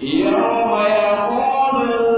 يوم يقول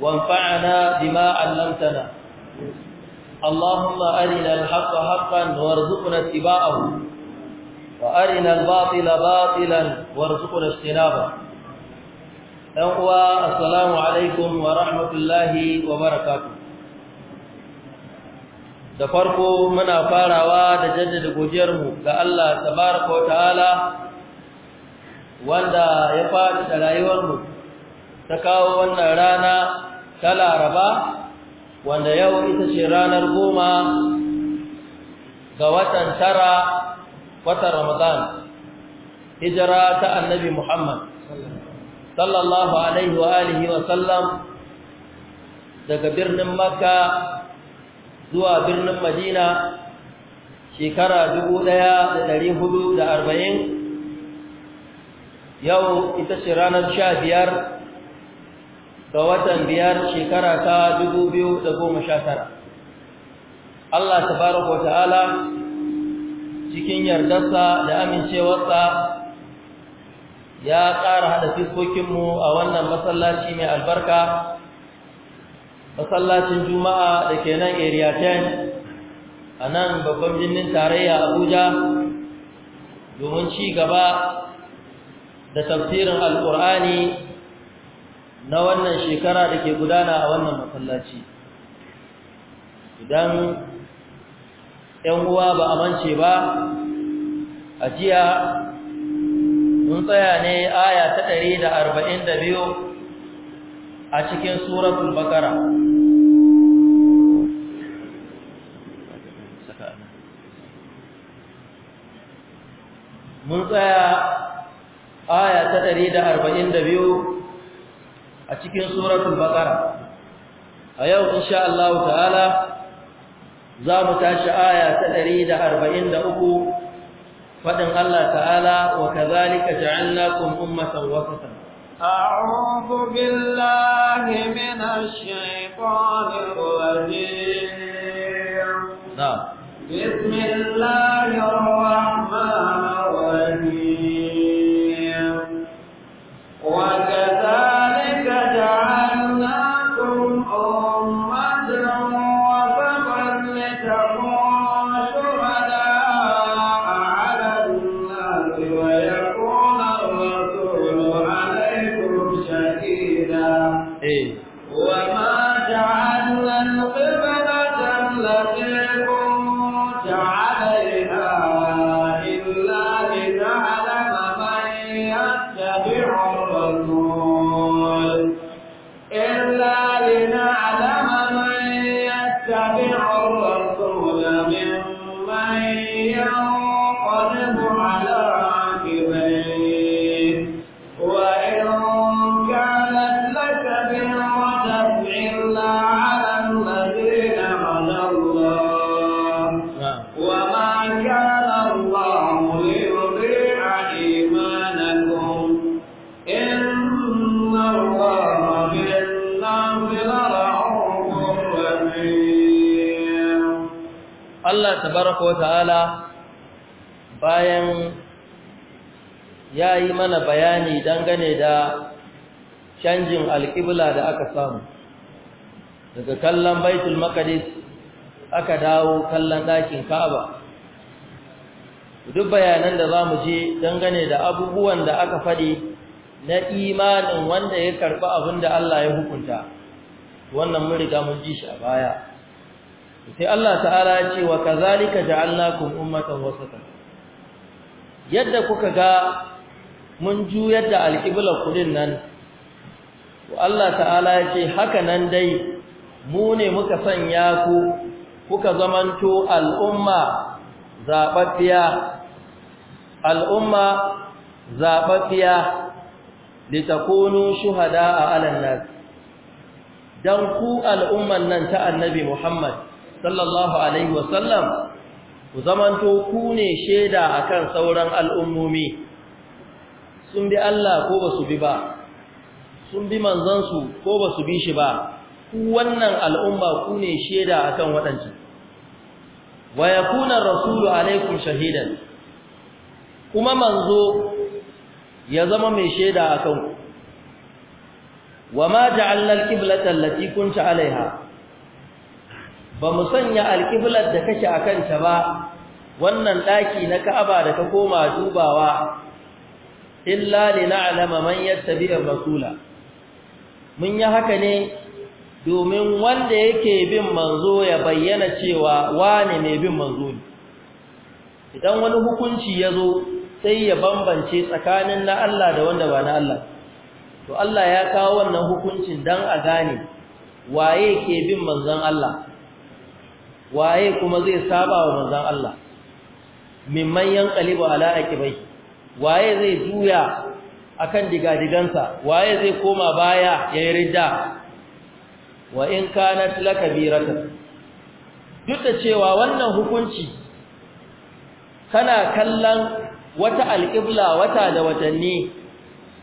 وانفعنا بما علمتنا اللهم أرنا الحق حقا وارزقنا اتباعه وأرنا الباطل باطلا وارزقنا اجتنابه أخوة السلام عليكم ورحمة الله وبركاته da farko muna farawa da jaddada godiyarmu ga Allah tabaraka wa ta'ala wanda ya fadi da rayuwarmu ta kawo wannan rana ta laraba wanda yau ita ce ranar goma ga watan tara watan ramadan hijira ta annabi muhammad sallallahu alaihi wa alihi wa sallam daga birnin makka zuwa birnin madina shekara arba'in, yau ita ce ranar sha biyar ga watan biyar shekara ta da goma sha 2019 Allah tabaraka ta'ala cikin yardarsa da amincewarsa ya ƙara haɗa fiskokinmu a wannan masallaci mai albarka masallacin juma'a da ke nan area 10 a nan babban birnin tarayya abuja domin ci gaba da tafsirin alƙur'ani na wannan shekara da ke gudana a wannan masallaci idan ‘yan uwa ba a mance ba a jiya mun tsaya ne aya ta ɗari da da biyu a cikin suratul bakara mun tsaya aya ta ɗari da da biyu. a cikin suratul baqara a yau insha Allah ta'ala za mu tashi aya ta 143 fadin Allah ta'ala wa kadhalika ja'alnakum ummatan wasatan a'udhu billahi minash shaitanir rajim na bismillah yi mana bayani dangane da canjin alƙibla da aka samu daga kallon baitul maqdis aka dawo kallon ɗakin ka'aba duk bayanan da za mu je dangane da abubuwan da aka faɗi na imanin wanda ya karɓi abin da Allah ya hukunta wannan mun riga mun ji shi a baya sai Allah ta'ala ya ce wa kazalika ja'alnakum ummatan wasata yadda kuka ga mun juyar da alƙiblar kudin nan Allah ta'ala ya ce haka nan dai mu ne muka sanya ku kuka zamanto al'umma zaɓaɓɓiya al'umma zaɓaɓɓiya litakunu shuhada a alan nas dan ku al'umman nan ta annabi Muhammad sallallahu alaihi wasallam ku zamanto ku ne shaida akan sauran al'ummomi sun bi Allah ko ba su bi ba sun bi manzansu ko ba su bi shi ba ku wannan al'umma ku ne shaida akan waɗancan wa yakuna rasulu alaikum shahidan kuma manzo ya zama mai shaida akan ku wa ma ja'alna al-qiblata allati kunta alaiha ba mu sanya alƙiblar da kake akan ta ba wannan ɗaki na Ka'aba da ka koma dubawa illa lina'lama man yattabi'ur rasula mun yi haka ne domin wanda yake bin manzo ya bayyana cewa wane ne bin manzo ne idan wani hukunci ya zo sai ya bambance tsakanin na Allah da wanda ba na Allah to Allah ya kawo wannan hukuncin dan a gane waye ke bin manzon Allah waye kuma zai saba wa manzon Allah mimman yanqalibu ala aqibai waye zai juya akan digadigansa waye zai koma baya yayin ridda wa in kanat lakabirata duk da cewa wannan hukunci kana kallon wata alqibla wata da watanni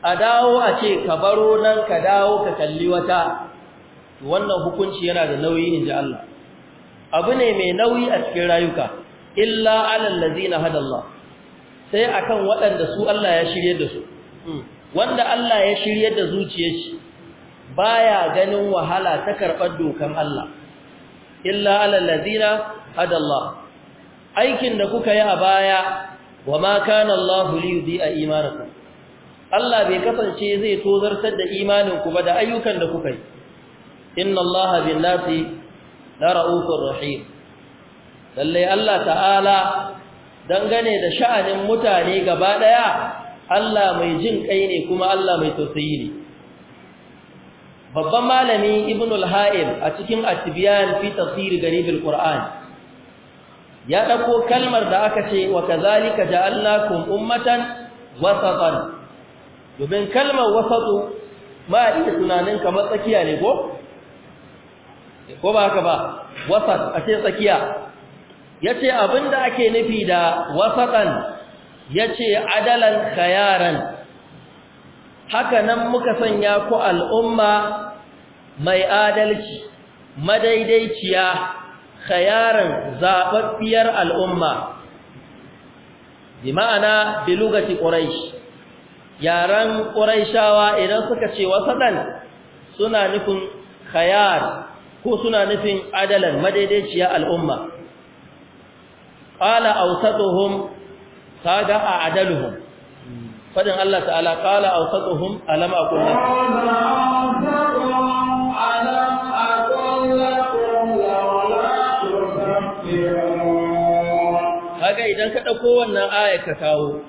a dawo a ce ka baro nan ka dawo ka kalli wata wannan hukunci yana da nauyi inji Allah abu ne mai nauyi a cikin rayuka illa alal na hadallahu sai akan waɗanda su Allah ya shirye da su wanda Allah ya shirye da zuciyar shi baya ganin wahala ta karɓar dokan Allah illa alal hadallah aikin da kuka yi a baya wama kana Allah li yudhi'a imanakum Allah bai kasance zai tozartar da imaninku ba da ayyukan da kuka yi inna Allaha bin nasi la ra'ufur rahim lalle Allah ta'ala dangane da sha'anin mutane gaba daya Allah mai jin kai ne kuma Allah mai tausayi ne babban malami ibn al-ha'il a cikin at-tibyan fi tafsir garib al-qur'an ya dauko kalmar da aka ce wa kazalika ja'alnakum ummatan wasatan domin kalmar wasatu ba iya tunanin kamar tsakiya ne ko ko ba haka ba wasat a ce tsakiya yace abinda ake nufi da wasatan yace adalan khayaran haka nan muka sanya ku al'umma mai adalci madaidaiciya khayaran zababbiyar al'umma bi ma'ana bilugati lugati quraish yaran quraishawa idan suka ce wasatan suna nufin khayar ko suna nufin adalan madaidaiciya al'umma qala awsatuhum sada a'daluhum fadin Allah ta'ala qala awsatuhum alam aqul kaga idan ka dauko wannan aya ka kawo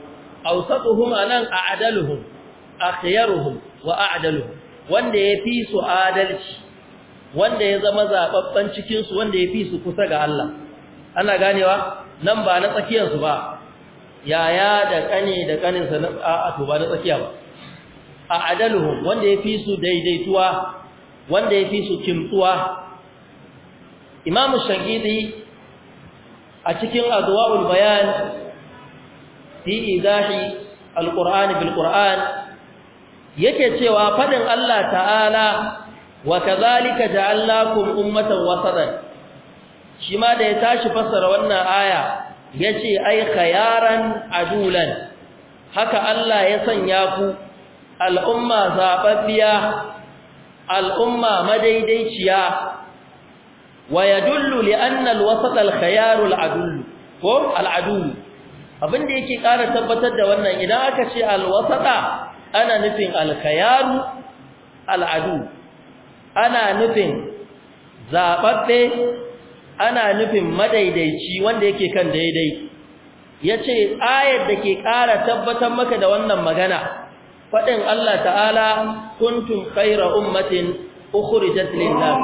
awsatuhum anan a'daluhum akhyaruhum wa a'daluhum wanda ya fi su adalci wanda ya zama zababban cikinsu wanda ya fi su kusa ga Allah ana ganewa nan ba na tsakiyarsu ba yaya da kane da kaninsa na a'a to ba na tsakiya ba a adaluhum wanda ya fi su daidaituwa wanda ya fi su kimtsuwa imamu shagidi a cikin adwa'ul bayan fi izahi alqur'ani bil yake cewa faɗin Allah ta'ala wa kadhalika ja'alnakum ummatan wasatan shi ma da ya tashi fassara wannan aya yace ai khayaran adulan haka Allah ya sanya ku al'umma zababbiya al'umma madaidaiciya wa yadullu li anna al-wasat ko al abinda yake ƙara tabbatar da wannan idan aka ce alwasaɗa ana nufin al al'adu, ana nufin zaɓaɓɓe. ana nufin madaidaici wanda yake kan daidai yace ayar da ke ƙara tabbatar maka da wannan magana fadin Allah ta'ala kuntum khayra ummatin ukhrijat lin-nas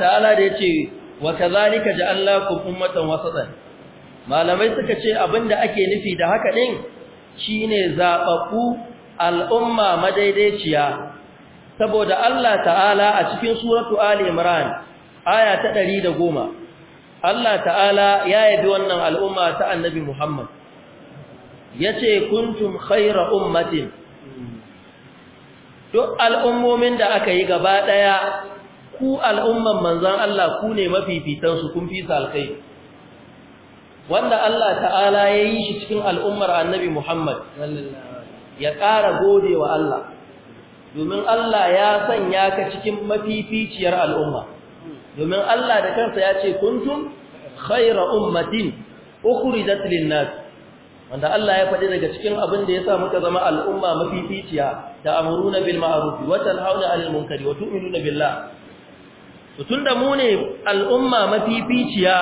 ta'ala da yace wa kazalika ja'alnakum ummatan wasatan malamai suka ce abinda ake nufi da haka din shine zababbu al'umma madaidaiciya saboda Allah ta'ala a cikin suratu ali imran aya ta 110 Allah ta'ala ya yabi wannan al'umma ta annabi Muhammad yace kuntum khayra ummatin duk al'ummomin da aka yi gaba ɗaya ku al'umman manzan Allah ku ne mafifitansu kun fisa sa wanda Allah ta'ala ya yi shi cikin al'ummar annabi Muhammad ya ƙara gode wa Allah domin Allah ya sanya ka cikin mafificiyar al'umma domin Allah da kansa ya ce kuntun khaira ummatin ukuri lin-nas wanda Allah ya faɗi daga cikin abin da ya sa muka zama al'umma mafificiya da amuruna bil ma'ruf wa tanhauna 'anil munkari wa tu'minuna billah tun da mu ne al'umma mafificiya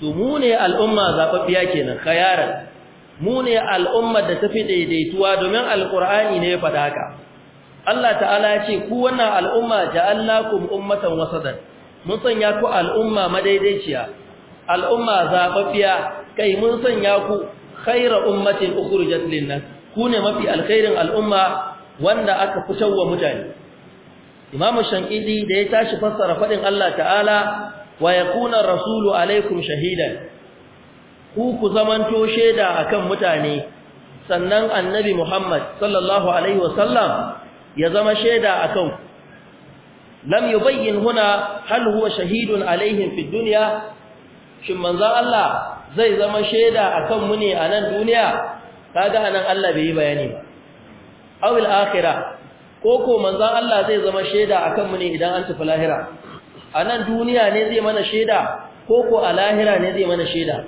to mu ne al'umma zaɓaɓɓiya kenan khayaran mu ne al'ummar da tafi daidaituwa domin alƙur'ani ne ya faɗa ka. Allah ta'ala ya ce ku wannan al'umma ja'alnakum ummatan wasadan mun sanya ku al'umma madaidaiciya al'umma zaɓaɓɓiya kai mun sanya ku khayra ummatin ukhrijat lin nan, ku ne mafi alkhairin al'umma wanda aka fitar wa mutane imam shankidi da ya tashi fassara fadin Allah ta'ala wa yakuna rasulu alaikum shahidan ku ku zamanto sheda akan mutane sannan annabi Muhammad sallallahu alaihi wasallam ya zama sheda akan ku lam yubayyin huna hal huwa shahidun alaihim fid dunya shin manzon Allah zai zama sheda akan mu ne a nan duniya kaga anan Allah bai yi bayani ba awil akhirah Koko ko manzan Allah zai zama shaida a kanmu ne idan an tafi lahira a nan duniya ne zai mana shaida ko a lahira ne zai mana shaida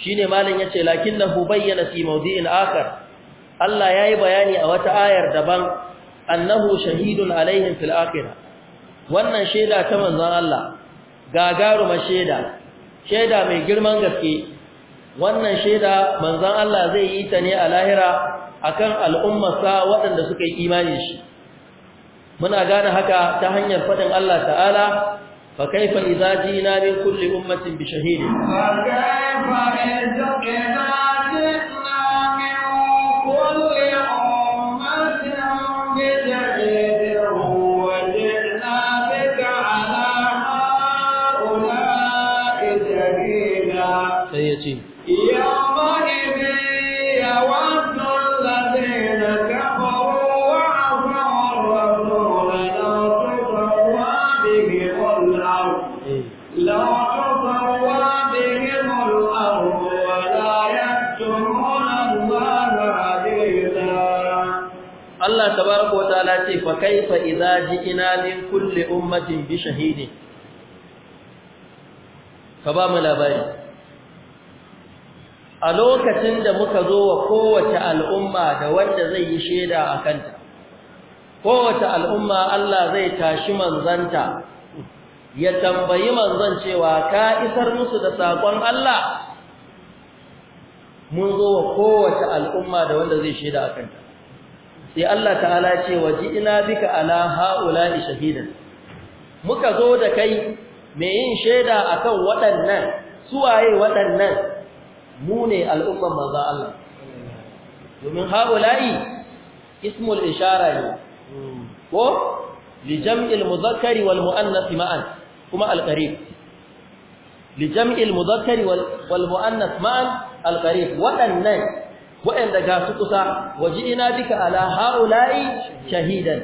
shine malam yace lakinnahu bayyana fi mawdi'in akhar Allah yayi bayani a wata ayar daban annahu shahidun alaihin fil akhirah wannan shaida ta manzan Allah gagaruma shaida shaida mai girman gaske wannan shaida manzan Allah zai yi ta ne a lahira akan al'ummarsa waɗanda suka yi imani shi muna gane haka ta hanyar faɗin Allah ta'ala fa kaifa idza jina min kulli ummatin bi shahidin kaifa فكيف إذا جئنا من كل أمة بشهيد فبام لاباري a lokacin da muka zo wa kowace al'umma da wanda zai yi shaida a kanta kowace al'umma Allah zai tashi manzanta ya tambayi manzan cewa ka isar musu da saƙon Allah mun zo wa kowace al'umma da wanda zai shaida a kanta sai Allah ta'ala ce waji ina bika ala haula'i shahidan muka zo da kai mai yin shaida akan waɗannan suwaye waɗannan mu ne al'umman manzo Allah domin haula'i ismul ishara ne ko li jam'il mudhakkari wal muannath ma'an kuma al-qarib li jam'il mudhakkari wal muannath ma'an al-qarib waɗannan waɗanda ga su kusa waji'ina bika ala haula'i shahidan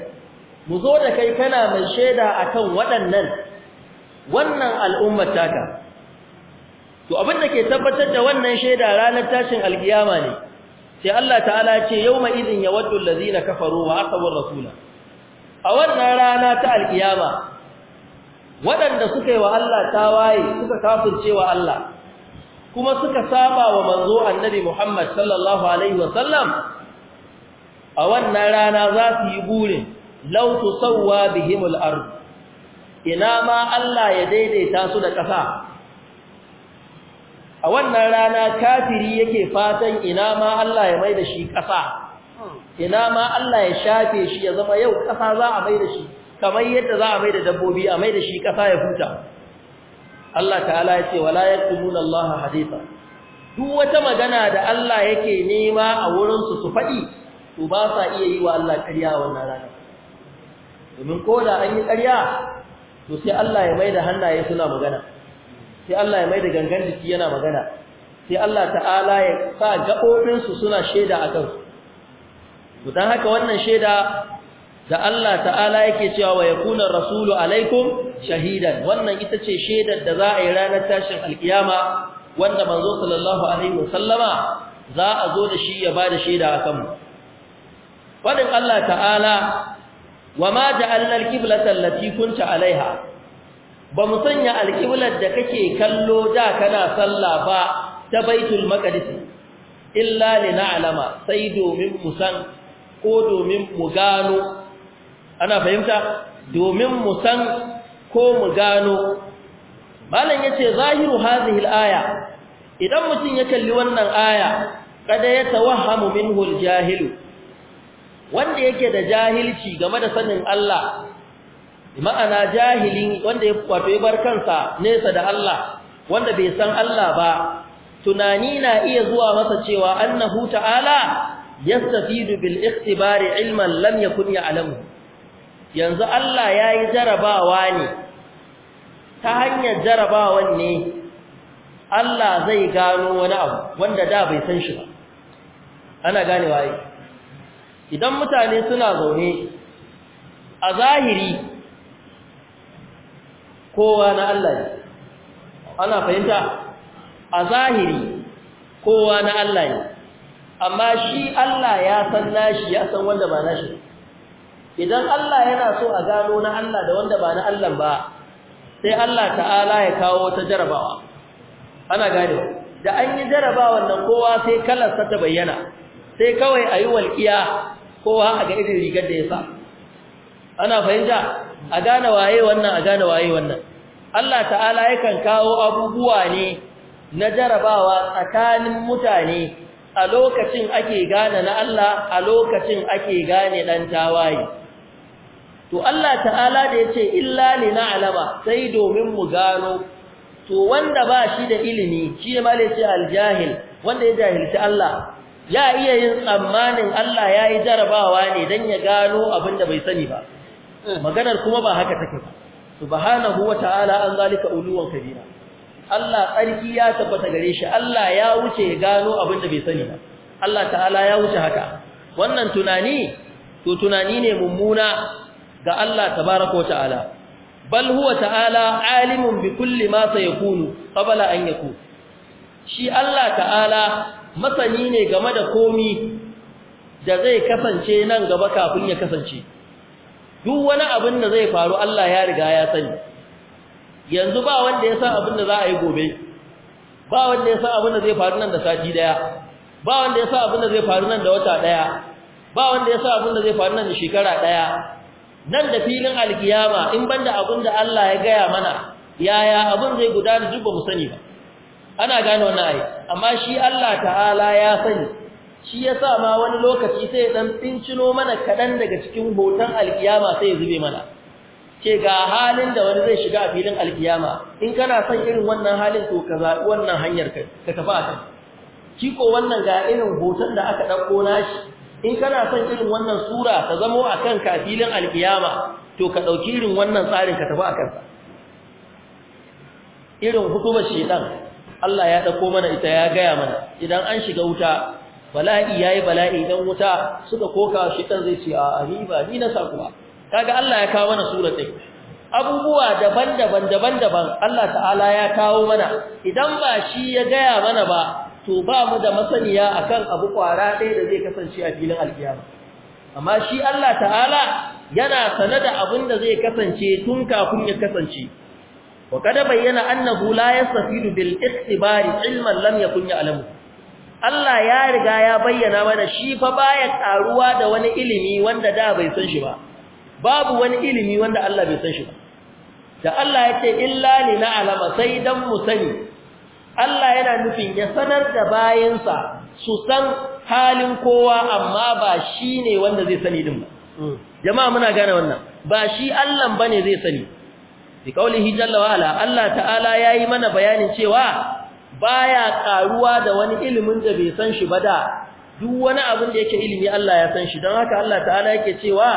mu zo da kai kana mai shaida akan waɗannan wannan al'ummar taka to abin da ke tabbatar da wannan shaida ranar tashin alkiyama ne sai Allah ta'ala ce yawma idhin yawaddu allazina kafaru wa aqawu rasula a wannan rana ta alkiyama waɗanda suka yi wa Allah tawaye suka kafirce wa Allah kuma suka saba wa manzo annabi Muhammad sallallahu alaihi wasallam a wannan rana za su yi burin law tusawwa bihimul ard ina ma Allah ya daidaita su da ƙasa a wannan rana kafiri yake fatan ina ma Allah ya maida shi ƙasa ina ma Allah ya shafe shi ya zama yau ƙasa za a maida shi kamar yadda za a maida dabbobi a maida shi ƙasa ya huta Allah ta'ala ya ce wala yaquluna Allah haditha duk wata magana da Allah yake nema a wurin su su fadi to ba sa iya yi wa Allah ƙarya wannan rana domin ko da an yi ƙarya to sai Allah ya maida hannaye suna magana sai Allah ya maida gangan jiki yana magana sai Allah ta'ala ya sa su suna shaida a kansu to dan haka wannan shaida da Allah ta'ala yake cewa wa yakuna rasulu alaikum shahidan wannan ita ce shaidar da za a yi ranar tashin alkiyama wanda manzo sallallahu alaihi wasallama za a zo da shi ya bada shaida akan mu Allah ta'ala wa ma ja'alna alqiblata allati kunta alaiha ba mu sanya alqiblar da kake kallo da kana sallah ba ta baitul maqdis illa lina'lama sai domin mu san ko domin mu gano ana fahimta domin mu san ko mu gano malam yace zahiru hadhihi al-aya idan mutum ya kalli wannan aya kada ya tawahhamu minhu al-jahilu wanda yake da jahilci game da sanin Allah ma'ana jahilin wanda ya kwato ya bar kansa nesa da Allah wanda bai san Allah ba tunani na iya zuwa masa cewa annahu ta'ala yastafidu bil ikhtibari ilman lam yakun ya'lamu yanzu Allah ya yi jarabawa ne ta hanyar jarabawan ne Allah zai gano wani abu wanda da bai san shi ba ana gane waye idan mutane suna zaune a zahiri kowa na Allah ne ana fahimta a zahiri kowa na Allah ne amma shi Allah ya san nashi ya san wanda ba nashi ba idan Allah yana so a gano na Allah da wanda ba na Allah ba sai Allah ta'ala ya kawo ta jarabawa ana gane da an yi jarabawan nan kowa sai kalar sa ta bayyana sai kawai ayi walqiya kowa a ga irin rigar da ya sa ana fahimta a gane waye wannan a gane waye wannan Allah ta'ala yakan kawo abubuwa ne na jarabawa tsakanin mutane a lokacin ake gane na Allah a lokacin ake gane dan tawaye to Allah ta'ala da yace illa lina'lama sai domin mu gano to wanda ba shi da ilimi shi ne lai aljahil wanda ya jahilci Allah ya iya yin tsammanin Allah ya yi jarabawa ne dan ya gano abin da bai sani ba maganar kuma ba haka take ba subhanahu wa ta'ala an zalika uluwan kabira Allah tsarki ya tabbata gare shi Allah ya wuce ya gano abinda bai sani ba Allah ta'ala ya wuce haka wannan tunani to tunani ne mummuna ga Allah tabaraka wa ta'ala bal huwa ta'ala alimun bi kulli ma sayakunu qabla an yakun shi Allah ta'ala masani ne game da komi da zai kasance nan gaba kafin ya kasance duk wani abin da zai faru Allah ya riga ya sani yanzu ba wanda ya san abin da za a yi gobe ba wanda ya san abin da zai faru nan da sati daya ba wanda ya san abin da zai faru nan da wata daya ba wanda ya san abin da zai faru nan da shekara daya nan da filin alkiyama in banda abun da Allah ya gaya mana yaya abun zai gudana duk ba mu sani ba ana gane wannan ayi amma shi Allah ta'ala ya sani shi yasa ma wani lokaci sai dan pincino mana kadan daga cikin hoton alkiyama sai ya zube mana Ke ga halin da wani zai shiga a filin alkiyama in kana son irin wannan halin to ka zabi wannan hanyar ka ka tafi a kan kiko wannan ga irin hoton da aka dauko nashi in kana son irin wannan sura ta zamo a kan kafilin alkiyama to ka ɗauki irin wannan tsarin ka tafi a kansa irin hukumar shedan Allah ya ɗauko mana ita ya gaya mana idan an shiga wuta bala'i ya yi bala'i dan wuta suka koka shedan zai ce a ni ba ni na saku ba kaga Allah ya kawo mana sura suratin abubuwa daban-daban daban-daban Allah ta'ala ya kawo mana idan ba shi ya gaya mana ba to ba mu da masaniya akan abu kwara ɗaya da zai kasance a filin alkiyama amma shi Allah ta'ala yana sane da abin da zai kasance tun kafin ya kasance wa kada bayyana annahu la yastafidu bil ikhtibari ilman lam yakun ya'lamu Allah ya riga ya bayyana mana shi fa baya karuwa da wani ilimi wanda da bai san shi ba babu wani ilimi wanda Allah bai san shi ba da Allah ya ce illa lina alama sai dan mu sani Allah yana nufin ya sanar da bayansa su san halin kowa amma ba shi ne wanda zai sani din ba mm. jama'a muna gane wannan ba shi Allah bane zai sani Fi qaulihi jalla wa Allah ta'ala yi mana bayanin cewa baya ƙaruwa da wani ilimin da bai san shi ba da duk wani abin da yake ilimi Allah ya san shi don haka Allah ta'ala yake cewa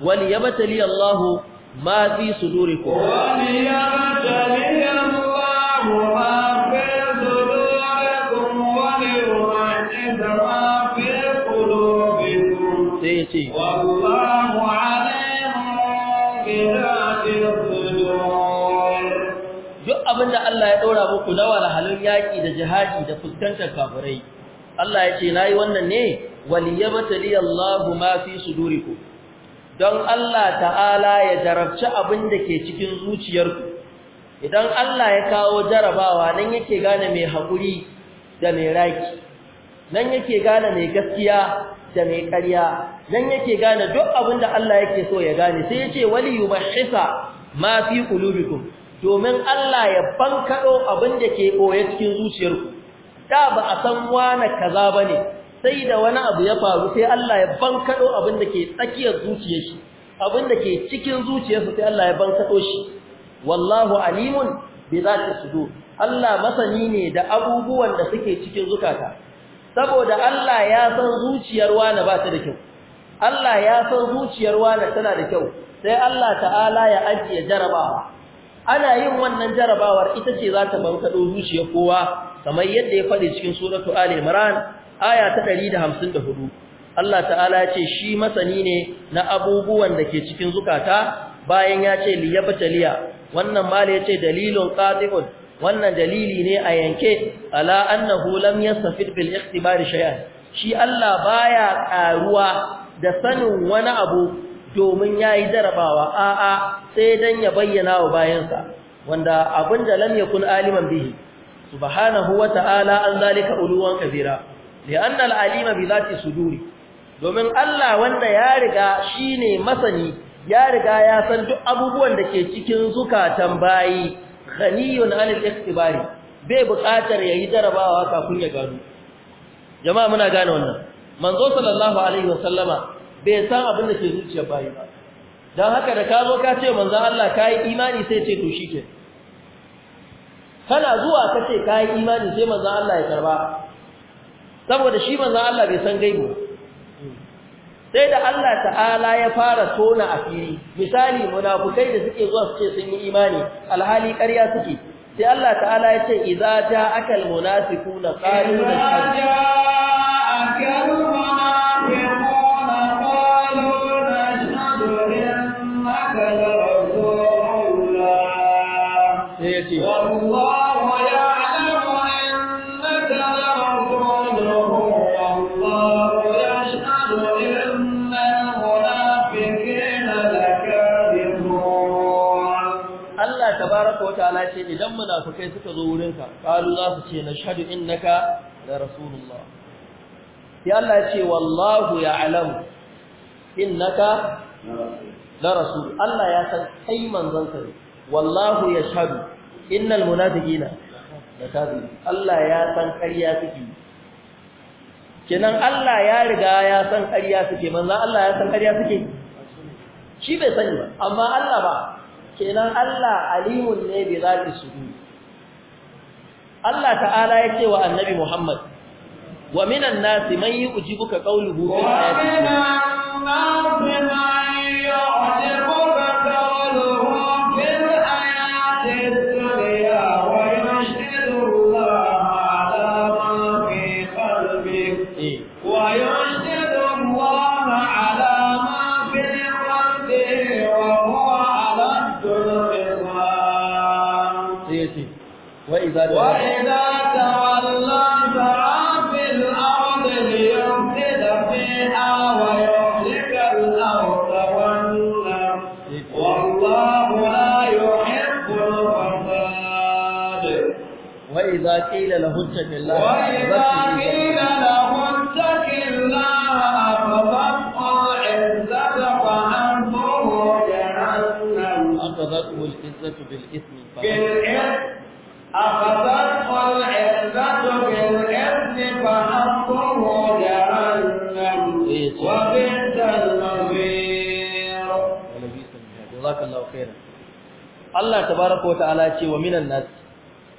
wani ya batali Allahu ma fi ko wal yabtali ce duk abin da duk abinda Allah ya ɗora muku na wahalhalun yaƙi da jihadi da fuskantar kafirai Allah ya ce na yi wannan ne waliyabtali Allahu ma fi suduriku don Allah ta'ala ya jarabci abin da ke cikin zuciyarku idan Allah ya kawo jarabawa nan yake gane mai haƙuri da mai raki nan yake gane mai gaskiya da mai ƙarya dan yake gane duk abin da Allah yake so ya gane sai yace wali yubahisa ma fi qulubikum domin Allah ya bankado abin da ke boye cikin zuciyarku da ba a san wani kaza bane sai da wani abu ya faru sai Allah ya bankado abin da ke tsakiyar zuciyar shi abin da ke cikin zuciyarsu sai Allah ya bankado shi wallahu alimun bi zati sudur Allah masani ne da abubuwan da suke cikin zukata saboda Allah ya san zuciyar wani ba ta da kyau Allah ya san zuciyar wani tana da kyau sai Allah ta'ala ya ajiye jarabawa ana yin wannan jarabawar ita ce za ta bankado zuciyar kowa kamar yadda ya faɗi cikin suratu ali imran aya ta 154 Allah ta'ala ya ce shi masani ne na abubuwan da ke cikin zukata bayan ya ce liyabtaliya wannan mala ya ce dalilun qati'un wannan dalili ne a yanke ala annahu lam yastafid bil ikhtibar shay'an shi Allah baya karuwa da sanin wani abu domin yayi jarabawa a'a sai dan ya bayyana wa bayansa wanda da lam yakun aliman bihi subhanahu wa ta'ala an zalika uluwan kabira li'anna al-alima bi zati suduri domin Allah wanda ya riga shine masani ya riga ya san duk abubuwan da ke cikin zukatan bayi ghaniyun anil ikhtibari bai buƙatar yayi jarabawa kafin ya gano jama'a muna gane wannan manzo sallallahu alaihi wasallama bai san abin da ke zuciyar bayi ba dan haka da ka zo ka ce manzo Allah kai imani sai ce to shike kana zuwa ka ce kai imani sai manzo Allah ya karba saboda shi manzo Allah bai san gaibu sai da Allah ta'ala ya fara tona asiri misali munafukai da suke zuwa suke sun yi imani alhali ƙarya suke sai Allah ta'ala ya ce idza ja'aka almunafiquna qalu nashhadu munafikai suka zo wurinka qalu za su ce nashhadu innaka la rasulullah sai Allah ya ce wallahu ya'lamu innaka la rasul Allah ya san kai manzon ka ne wallahu yashhadu innal munafiqina lakazib Allah ya san ƙarya suke kenan Allah ya riga ya san ƙarya suke manzon Allah ya san ƙarya suke shi bai sani ba amma Allah ba kenan Allah alimun ne bi zati sudur Allah ta'ala ya ce wa annabi Muhammad wa minan nasi man yu'jibuka qawluhu fi hayatihi وإذا تولى سعى في الأرض ليفسد فيها ويهلك الأرض والنفس والله لا يحب الفساد وإذا قيل له اتق الله وإذا قيل له اتق الله أخذته العزة فأنفه جهنم أخذته العزة بالإثم tabaraka wa ta'ala ce wa minan nas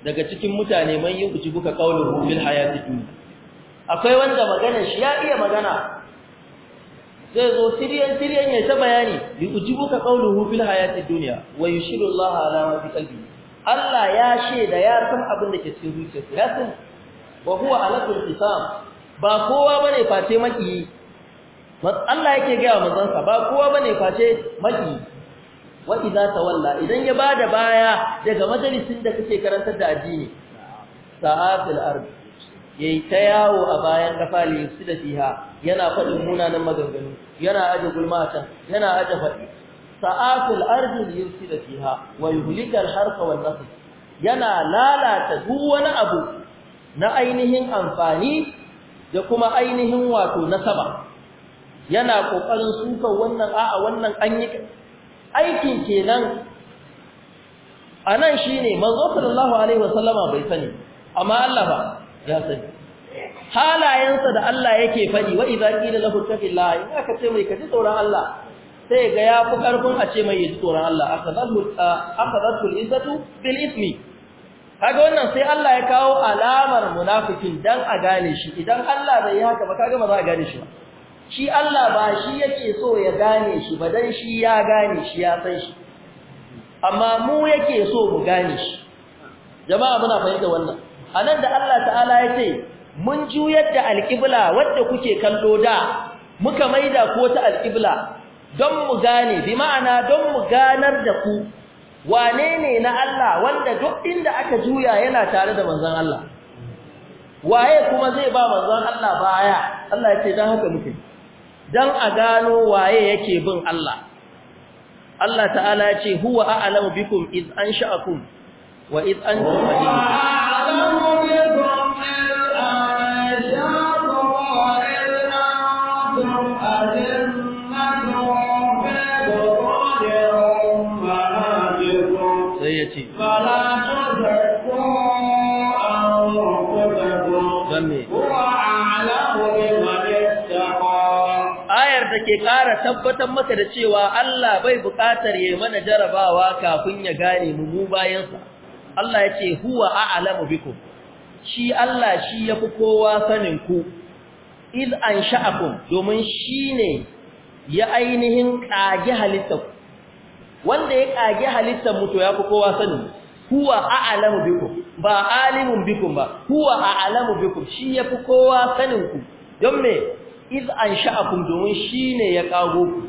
daga cikin mutane man yuci buka qawluhu fil hayati dunya akwai wanda magana shi ya iya magana sai zo siriyan siriyan ya ta bayani yuci buka qawluhu fil hayati dunya wa yushiru Allah ala ma fi qalbi Allah ya da ya san abin da ke cikin zuciyarsa ya san wa huwa ala kulli ba kowa bane face maki Allah yake ga manzansa ba kowa bane face maki wa idza tawalla idan ya bada baya daga majalisin da kake karanta da addini sa'atul ard yayi ta yawo a bayan kafali su da fiha yana fadin munanan maganganu yana aje gulma can yana aje fadi sa'atul ard yusi da fiha wa yuhlika al harfa wal nasl yana lalata duk wani abu na ainihin amfani da kuma ainihin wato nasaba yana kokarin suka wannan a'a wannan an yi aikin kenan anan shine manzo sallallahu alaihi wasallama bai sani amma Allah ba ya sani halayensa da Allah yake fadi wa idza qila lahu taqillah in aka ce mai kaji tsoron Allah sai ga ya fi karfin a ce mai yi tsoron Allah akadallu ah, izzatu bil ismi kaga wannan sai Allah ya kawo alamar munafikin dan a gane shi idan Allah bai yi haka ba kaga ba za a gane shi ba shi Allah ba shi yake so ya gane shi ba dan shi ya gane shi ya san shi amma mu yake so mu gane shi jama'a muna fahimta wannan anan da Allah ta'ala ya ce mun juyar da alqibla wanda kuke kallo da muka maida ko ta alqibla don mu gane bi ma'ana don mu ganar da ku wane ne na Allah wanda duk inda aka juya yana tare da manzon Allah waye kuma zai ba manzon Allah baya Allah ya ce dan haka muke dan a gano waye yake bin Allah Allah ta'ala ya ce huwa a'lamu bikum iz ansha'akum wa iz antum ke ƙara tabbatar maka da cewa Allah bai buƙatar ya mana jarabawa kafin ya gane mu mu bayansa Allah ya ce huwa a'lamu bikum shi Allah shi yafi kowa sanin ku iz ansha'akum domin shine ya ainihin kage halittar wanda ya kage halittar mu to yafi kowa sanin huwa a'lamu bikum ba alimun bikum ba huwa a'lamu bikum shi yafi kowa sanin ku don me iz ansha'akum domin shine ya kago ku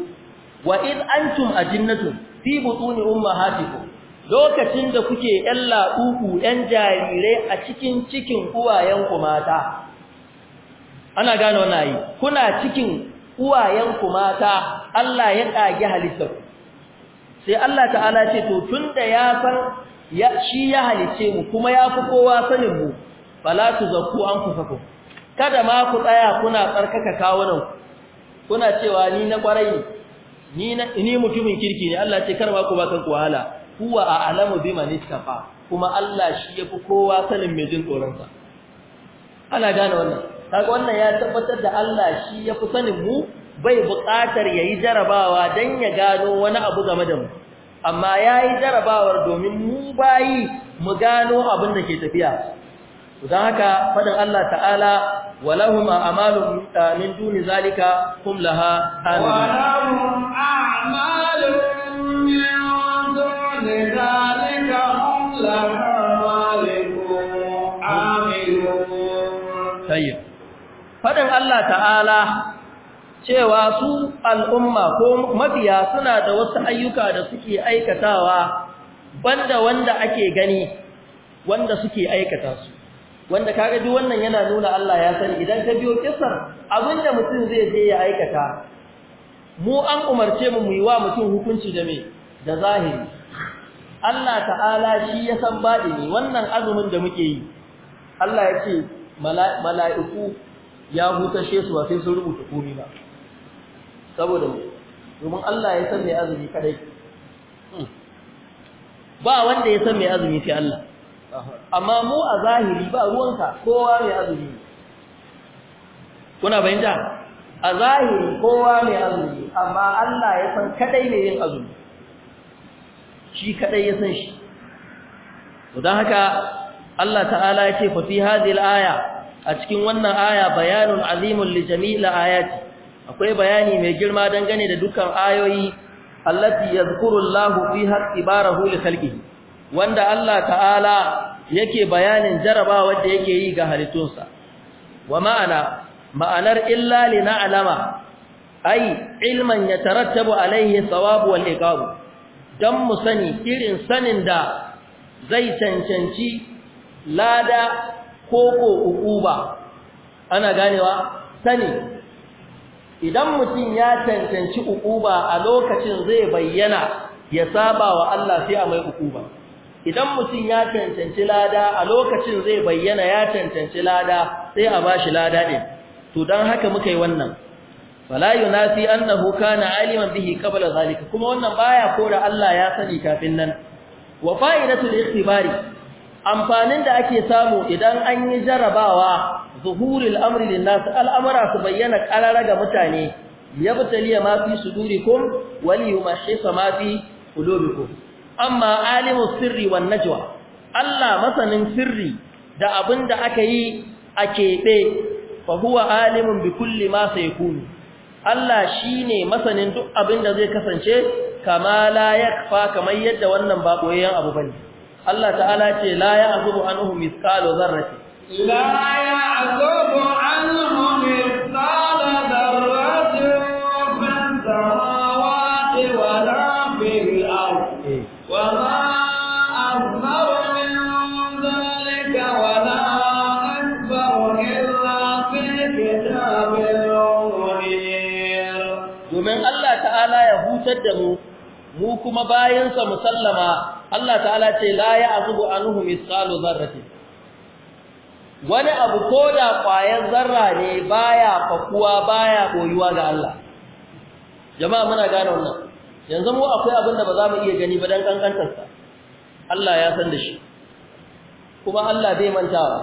wa iz antum ajinnatun fi butuni ummahatikum lokacin da kuke yalla uku yan jarirai a cikin cikin uwayenku mata ana gane wannan yi kuna cikin ku mata Allah ya dage halitta sai Allah ta'ala ce to tunda ya san ya shi ya halice mu kuma ya fi kowa sanin mu fala tuzakku anfusakum kada ma ku tsaya kuna tsarkaka kawunan kuna cewa ni na kwarai ni na ni mutumin kirki ne Allah ce kar ba ku ba kanku wahala huwa a'lamu bima nistafa kuma Allah shi yafi kowa sanin mai jin tsoron sa ana gane wannan kaga wannan ya tabbatar da Allah shi yafi sanin mu bai buƙatar yayi jarabawa dan ya gano wani abu game da mu amma yayi jarabawar domin mu bayi mu gano abin da ke tafiya don haka fadin Allah ta'ala eh, walahum a'malun min duni zalika laha amin walahum min duni zalika hum laha tayyib fadin Allah ta'ala cewa su al'umma ko mafiya suna da wasu ayyuka da suke aikatawa banda wanda ake gani wanda suke aikata su wanda kaga duk wannan yana nuna Allah ya sani idan ka biyo kissar abinda mutum zai je ya aikata mu an umarce mu mu yi wa mutum hukunci da me da zahiri Allah ta'ala shi ya san ne wannan azumin da muke yi Allah ya ce mala'iku ya hutashe su wa sai sun rubuta komai ba saboda mu domin Allah ya san mai azumi kadai hmm. ba wanda ya san mai azumi sai Allah amma mu a zahiri ba ruwanka kowa mai azumi kuna bayyana a zahiri kowa mai azumi amma Allah ya san kadai ne yin azumi shi kadai ya san shi don haka Allah ta'ala ya ce fa fi hadhihi al-aya a cikin wannan aya bayanun azimun li jami'il ayati akwai bayani mai girma dangane da dukkan ayoyi allati yadhkuru Allahu fiha ibarahu li khalqihi wanda Allah ta'ala yake bayanin jarabawar da yake yi ga halittunsa wa ma'ana ma'anar illa na'lama ai ilman yatarattabu alaihi thawabu wal iqabu dan mu sani irin sanin da zai cancanci lada ko ko ukuba ana ganewa sani idan mutum ya cancanci ukuba a lokacin zai bayyana ya saba wa Allah sai a mai ukuba idan mutum ya cancanci lada a lokacin zai bayyana ya cancanci lada sai a bashi lada din to dan haka muka yi wannan wala yunasi annahu kana aliman bihi qabla zalika kuma wannan baya kora Allah ya sani kafin nan wa fa'idatul ikhtibari amfanin da ake samu idan an yi jarabawa zuhuril amri lin nas al'amara su bayyana qarara ga mutane yabtaliya ma fi sudurikum wa liyumahhisa ma fi qulubikum amma alimun sirri wa najwa Allah masanin sirri da abin da aka yi a keɓe fa huwa alimun bi kulli ma sayakunu Allah shine masanin duk abin da zai kasance kama la yakfa kamar yadda wannan ba koyayyen abu bane Allah ta'ala ce la ya ya'zubu anhu mithqalu dharrati la azubu anhu mithqalu azabtar da mu mu kuma bayan sa musallama Allah ta'ala ce la ya'zubu anhum misalu zarrati wani abu ko da kwayan zarra ne baya fakuwa baya boyuwa ga Allah jama'a muna gane wannan yanzu mu akwai abin da ba za mu iya gani ba dan kankantar sa Allah ya san da shi kuma Allah bai mantawa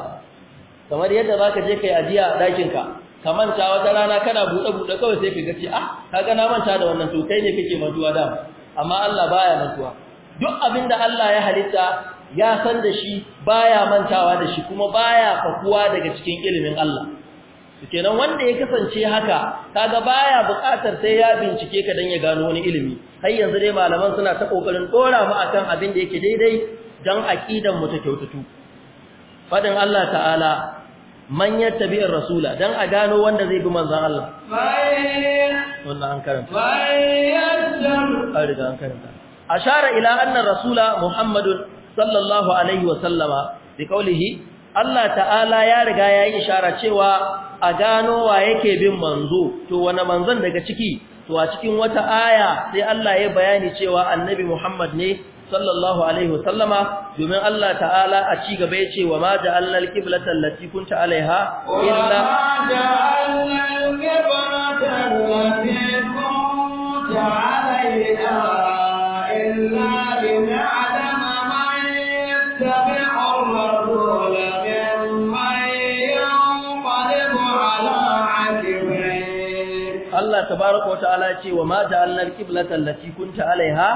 kamar yadda zaka je kai ajiya dakin ka ka manta wata rana kana buɗe buɗe kawai sai ka gace ah kaga na manta da wannan to kai ne kake mantuwa da amma Allah baya mantuwa duk abinda Allah ya halitta ya san da shi baya mantawa da shi kuma baya fakuwa daga cikin ilimin Allah kenan wanda ya kasance haka kaga baya buƙatar sai ya bincike ka dan ya gano wani ilimi har yanzu dai malaman suna ta kokarin dora mu akan abin da yake daidai dan aqidan mu ta kyautatu fadin Allah ta'ala man yattabi rasula dan a gano wanda zai bi manzon Allah wannan an karanta an riga ashara ila anna rasula muhammadun sallallahu alaihi wa sallama bi qawlihi Allah ta'ala ya riga ya yi ishara cewa a gano wa yake bin manzo to wani manzon daga ciki to a cikin wata aya sai Allah ya bayani cewa annabi Muhammad ne sallallahu alaihi wasallama domin Allah ta'ala a ci gaba yace wa ma ja'alna al-qiblata allati kunta alaiha illa Allah tabaraka wa ta'ala ce wa ma ja'alna al-qiblata kunta alaiha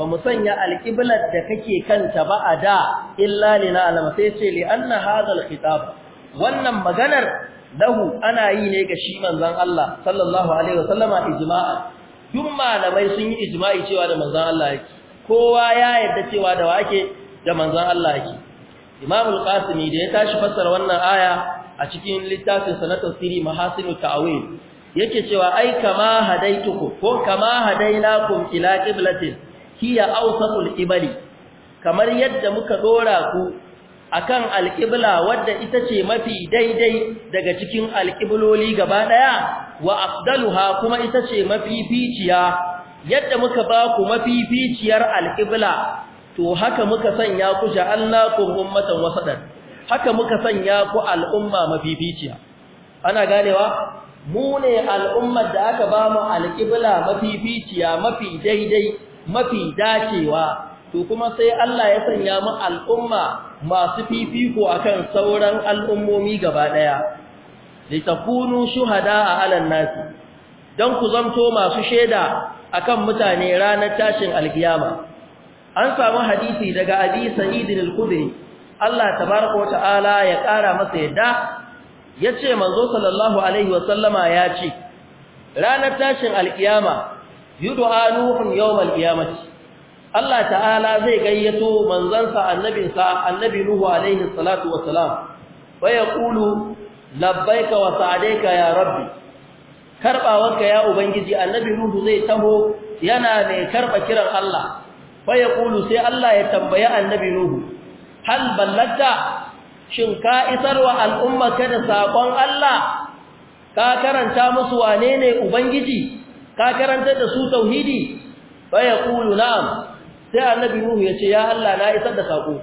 ba mu sanya alƙiblar da kake kanta ba a da illa na alama sai ce li anna wannan maganar dahu ana yi ne ga shi manzan Allah sallallahu alaihi wasallama duk malamai sun yi ijma'i cewa da manzan Allah yake kowa ya yarda cewa da wake da manzan Allah yake Imam qasimi da ya tashi fassara wannan aya a cikin littafin na tafsiri mahasinu ta'wil yake cewa ai kama hadaitukum ko kama hadainakum ila qiblatin hiya awsatul ibali kamar yadda muka dora ku akan alqibla wadda ita ce mafi daidai daga cikin alqibloli gaba daya wa afdaluha kuma ita ce mafi ficiya yadda muka ba ku mafi ficiyar alqibla to haka muka sanya ku ja'alnakum ummatan wasatan haka muka sanya ku al'umma mafi ficiya ana ganewa mu ne al'ummar da aka ba mu mafi mafificiya mafi daidai mafi dacewa to kuma sai Allah ya sanya mu al'umma masu fifiko akan sauran al'ummomi gaba daya shuhada shuhada alal nasi dan ku zanto masu sheda akan mutane ranar tashin alkiyama an samu hadisi daga Abi Sa'id al-Khudri Allah wa ta'ala ya kara masa yadda yace manzo sallallahu alaihi sallama ya ce ranar tashin alkiyama yud'a nuhun yawmal qiyamati Allah ta'ala zai gayyato manzansa annabinsa annabi nuhu alaihi salatu wassalam wa yaqulu labbaika wa sa'daika ya rabbi karbawanka ya ubangiji annabi nuhu zai taho yana mai karba kiran Allah fa yaqulu sai Allah ya tambaye annabi nuhu hal ballagta shin ka isar wa al'umma kada sakon Allah ka karanta musu wane ne ubangiji ka karantar da su tauhidi fa yaqulu na'am sai annabi nuhu yace ya Allah na isar da sako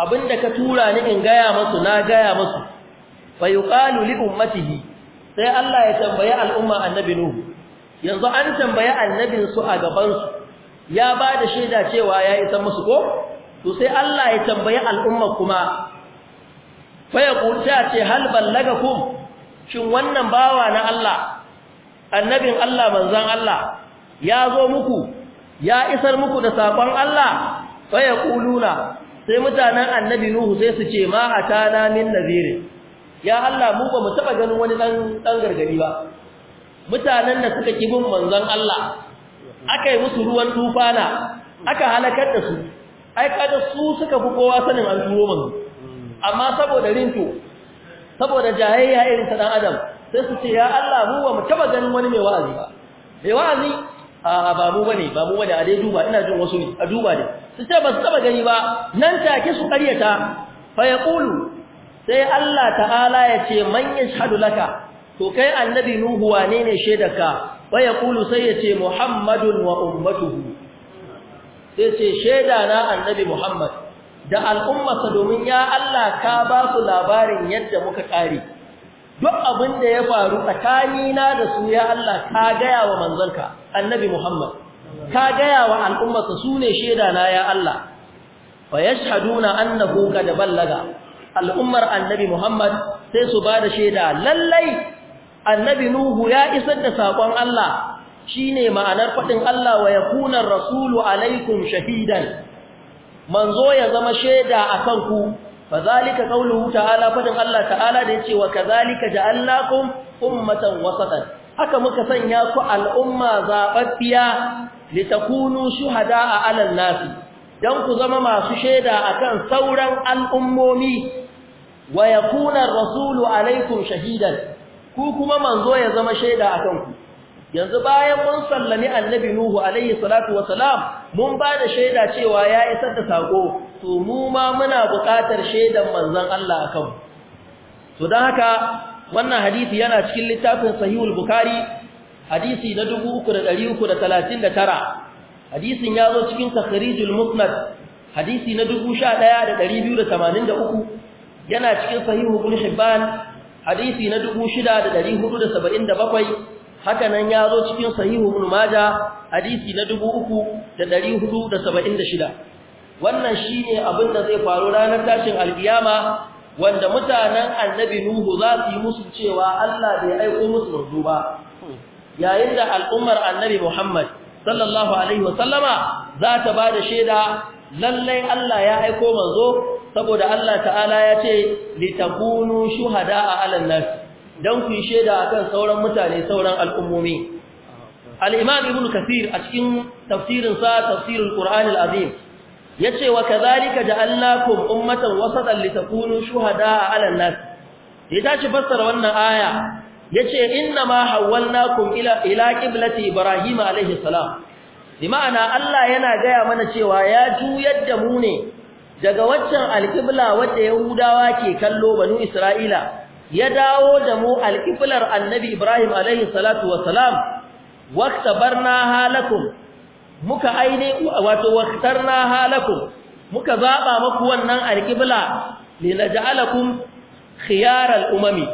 abinda ka tura ni in gaya musu na gaya masu fa yuqalu li ummatihi sai Allah ya tambaye al'umma annabi nuhu yanzu an tambaye annabin su a gaban su ya bada shaida cewa ya isar musu ko to sai Allah ya tambaye al'umma kuma fa yaqulu ta ce hal ballagakum shin wannan bawa na Allah annabin Allah manzan Allah ya zo muku ya isar muku da sakon Allah fa yaquluna sai mutanen annabi nuhu sai su ce ma atana min nadhir ya Allah mu ba mu taba ganin wani dan dan gargadi ba mutanen da suka kibin manzan Allah akai musu ruwan tufana aka halakar da su ai kada su suka fi kowa sanin an turo manzo amma saboda rinto saboda jahayya irin ta dan adam sai su ce ya Allah mu ba mu taba ganin wani mai wa'azi ba mai wa'azi a ba mu bane ba mu bane a dai duba ina jin wasu ne a duba ne su ce ba su taba gani ba nan take su karyata fa yaqulu sai Allah ta'ala ya ce man yashhadu laka to kai annabi nuhu wane ne shaidarka fa yaqulu sai ya ce muhammadun wa ummatuhu sai ce shaida na annabi muhammad da al'ummarsa domin ya Allah ka ba su labarin yadda muka kare duk abin da ya faru tsakanina da su ya Allah ka gaya wa manzanka annabi Muhammad ka gaya wa al'ummarsa su ne shaida na ya Allah fa yashhaduna annahu qad ballaga al'ummar annabi Muhammad sai su bada shaida lallai annabi Nuhu ya isar da sakon Allah shine ma'anar fadin Allah wa yakuna rasulu alaikum shahidan manzo ya zama shaida akan ku fadhalika qawluhu ta'ala fadin Allah ta'ala da yace wa kadhalika ja'alnakum ummatan wasatan haka muka sanya ku al'umma zababbiya litakunu shuhada'a 'alan nas dan ku zama masu sheda akan sauran al'ummomi wa yakuna ar-rasulu 'alaykum shahidan ku kuma manzo ya zama sheda akan ku yanzu bayan mun sallami annabi nuhu alayhi salatu salam mun ba da shaida cewa ya isar da sako to mu ma muna buƙatar shaidan manzon Allah akan to dan haka wannan hadisi yana cikin littafin sahihul bukhari hadisi na 3339 hadisin ya zo cikin takhrijul musnad hadisi na 11283 yana cikin sahihu ibn hibban hadisi na 6477 haka nan ya zo cikin sahihu ibn hadisi na 3476 wannan shine abin da zai faru ranar tashin alkiyama wanda mutanen annabi nuhu za su yi musu cewa Allah bai aiko musu manzo ba yayin da al'ummar annabi Muhammad sallallahu alaihi wasallama za ta da shaida lallai Allah ya aiko manzo saboda Allah ta'ala ya ce litakunu a 'alan nas dan ku shaida akan sauran mutane sauran al'ummomi al-imam ibn kathir a cikin tafsirin sa tafsirul qur'anil azim yace wa kadhalika ja'alnakum ummatan wasatan litakunu shuhada 'alan nas ya tashi fassara wannan aya yace inna ma hawwalnakum ila ila qiblati ibrahim alayhi salam bima'ana Allah yana gaya mana cewa ya juyar da mu ne daga waccan alqibla wanda yahudawa ke kallo banu isra'ila ya dawo da mu alqiblar annabi ibrahim alayhi salatu wassalam waqtabarna halakum muka aini wato waqtarna halakum muka zaba maku wannan alqibla linaj'alakum khiyaral umami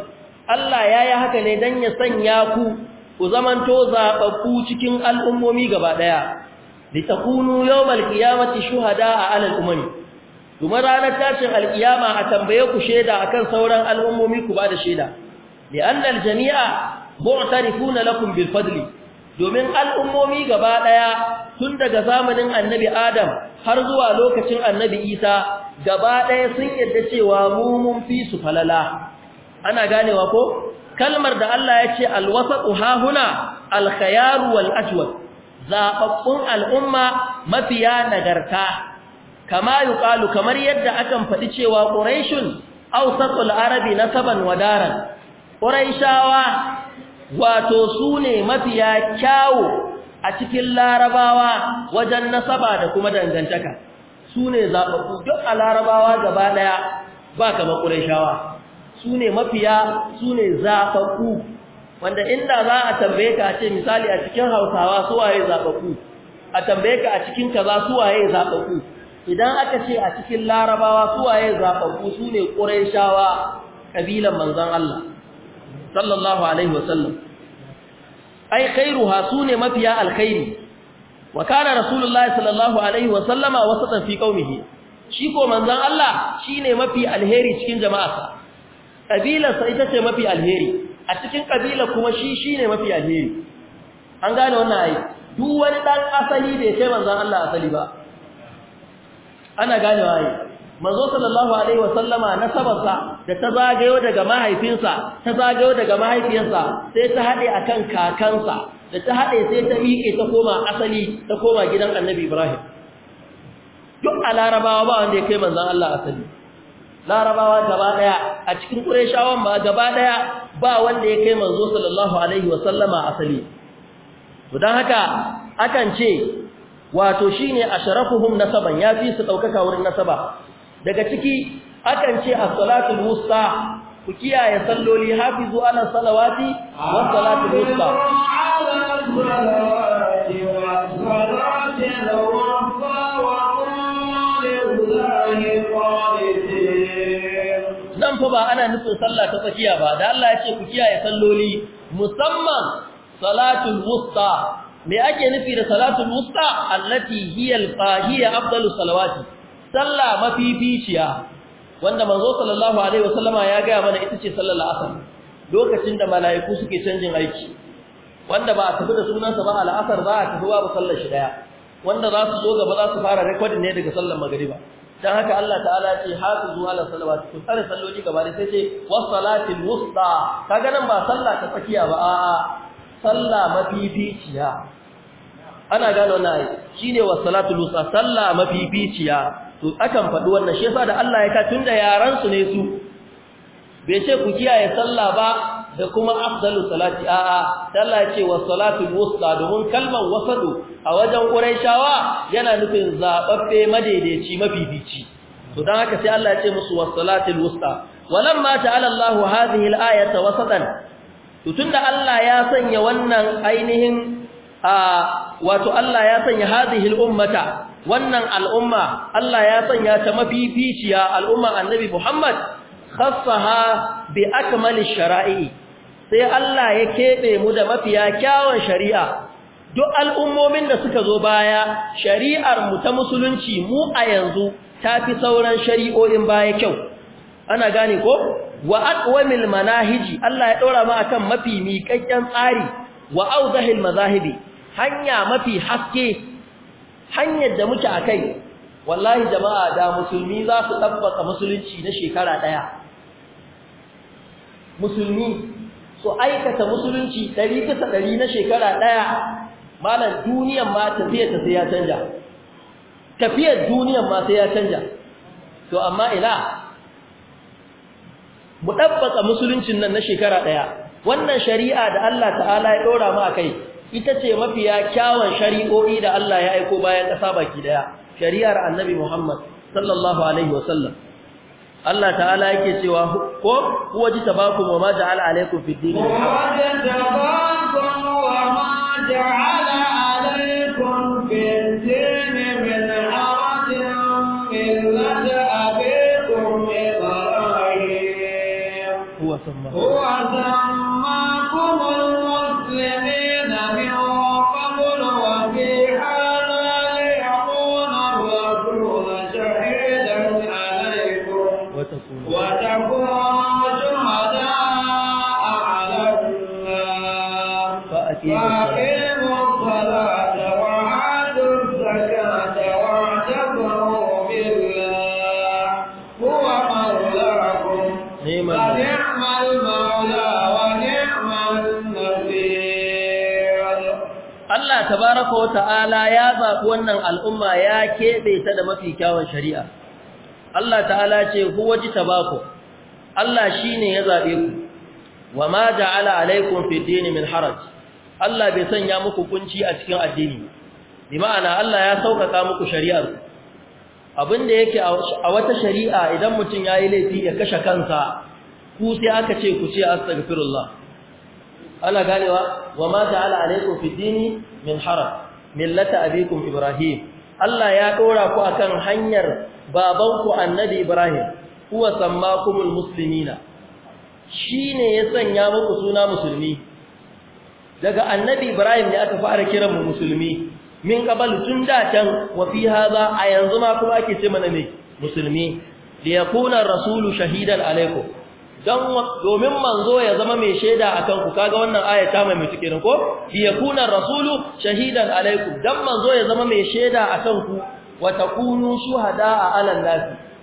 Allah yayi haka ne dan ya sanya ku ku zamanto zababbu cikin al'ummomi gaba daya litakunu yawmal qiyamati shuhada'a 'alal umami kuma ranar tashin alkiyama a tambaye ku sheda akan sauran al'ummomi ku ba da sheda li'anna al-jami'a mu'tarifuna lakum bil fadli domin al'ummomi gaba tun daga zamanin annabi Adam har zuwa lokacin annabi Isa gaba sun yadda cewa mu mun fi su falala ana ganewa ko kalmar da Allah ya ce alwasatu hahuna alkhayaru wal ajwad zababbun al'umma mafiya nagarta kama yuqalu kamar yadda akan faɗi cewa quraishun awsatul arabi nasaban wadaran quraishawa wato su ne mafiya kyawu a cikin larabawa wajen nasaba da kuma dangantaka su ne zaɓaɓɓu duk a larabawa gaba ɗaya, ba ƙurashawa, su ne mafiya su ne zaɓaɓɓu wanda inda za a tambaye ka a ce misali a cikin Hausawa su waye zaɓaɓɓu a tambaye ka a cikin kaza su waye zaɓaɓɓu idan aka ce a cikin larabawa su waye su ne ƙurashawa kabilan manzan Allah sallallahu alaihi wasallam ai khairuha sune mafiya alkhairi wa kana rasulullahi sallallahu alaihi wasallama wasatan fi qaumihi shi ko manzon Allah shine mafi alheri cikin jama'arsa kabilar sa ita ce mafi alheri a cikin kabila kuma shi shine mafi alheri an gane wannan ayi duk wani dan asali bai kai manzon Allah asali ba ana ganewa ayi manzo sallallahu alaihi wasallama nasabarsa da ta zagayo daga mahaifinsa ta zagayo daga mahaifiyarsa sai ta hade akan kakansa da ta hade sai ta miƙe ta koma asali ta koma gidan annabi ibrahim duk a larabawa ba wanda ya kai manzon Allah asali larabawa gaba daya a cikin qurayshawan ba gaba daya ba wanda ya kai manzo sallallahu alaihi wasallama asali dan haka akan ce wato shine asharafuhum nasaban yafi su daukaka wurin nasaba daga ciki akan ce as-salatul wusta ku kiyaye salloli hafizu ana salawati wa salatul wusta nan fa ba ana nufin sallah ta tsakiya ba da Allah ya ce ku kiyaye salloli musamman salatul wusta me ake nufi da salatul wusta allati hiya al-fahiya afdalus salawati salla mafificiya wanda manzo sallallahu alaihi wasallama ya ga mana ita ce sallar asar lokacin da malaiku suke canjin aiki wanda ba a tafi da sunansa ba al'asar ba, a tafi babu sallar shi daya wanda za su zo gaba za su fara recording ne daga sallar magriba dan haka Allah ta'ala ce hafizu ala salawati ku tsare salloli gaba da sai ce was salatil wusta kaga nan ba sallah ta tsakiya ba a'a sallah mafificiya ana gano na shine was salatul wusta sallah mafificiya to akan faɗi wannan shi yasa da Allah ya ka tunda yaran su ne su bai ce ku kiyaye sallah ba da kuma afdalu salati a'a Sallah ya ce was salatu wusta domin kalman wasadu a wajen quraishawa yana nufin zababbe madaidaici mafifici to dan haka sai Allah ya ce musu was salatu wusta walamma ta'ala Allahu hadhihi al-ayata wasatan to tunda Allah ya sanya wannan ainihin wato Allah ya sanya hadhihi ummata wannan al'umma Allah ya sanya ta mafificiya al'umma annabi Muhammad khassaha bi akmali shara'i sai Allah ya kebe mu da mafiya kyawun shari'a duk al'ummomin da suka zo baya shari'ar mu ta musulunci mu a yanzu tafi sauran shari'o'in baya kyau ana gane ko wa aqwamil manahiji Allah ya ɗaura mu akan mafi miƙaƙƙen tsari wa auzahil mazahibi hanya mafi haske hanyar da muke akai wallahi jama'a da musulmi za su tabbata musulunci na shekara daya musulmi su aikata musulunci 100% na shekara daya malan duniyar ma tafiya ta sai ya canja tafiyar duniyar ma sai ya canja to amma ila mu tabbata musuluncin nan na shekara daya wannan shari'a da Allah ta'ala ya dora mu akai ita ce mafiya kyawun shari'o'i da Allah ya aiko bayan ƙasa baki daya shari'ar annabi Muhammad sallallahu alaihi wasallam Allah ta'ala yake cewa ko huwa jitabakum wa ma ja'ala alaykum fid din wa ma ja'ala subhanahu ta'ala ya zaɓi wannan al'umma ya keɓe ta da mafi kyawun shari'a Allah ta'ala ce huwa ta baku. Allah shi ne ya zaɓe ku wa ma ja'ala alaikum fi dini min haraj Allah bai sanya muku kunci a cikin addini bi ma'ana Allah ya sauƙaƙa muku shari'ar abin da yake a wata shari'a idan mutum ya yi laifi ya kashe kansa ku sai aka ce ku ce astaghfirullah ana ganewa wa ma ta'ala alaikum fi dini min haram millata abikum ibrahim Allah ya dora ku akan hanyar babanku annabi ibrahim huwa sammakumul muslimina shine ya sanya muku suna musulmi daga annabi ibrahim ne aka fara kiran mu musulmi min qabal tun da can wa fi hadha a yanzu ma kuma ake ce mana ne musulmi li yakuna rasulu shahidan alaikum dan domin manzo ya zama mai sheda akan ku kaga wannan ayata ta mai mutuke ne ko bi yakuna rasulu shahidan alaikum dan manzo ya zama mai sheda akan ku wa takunu shuhada ala nas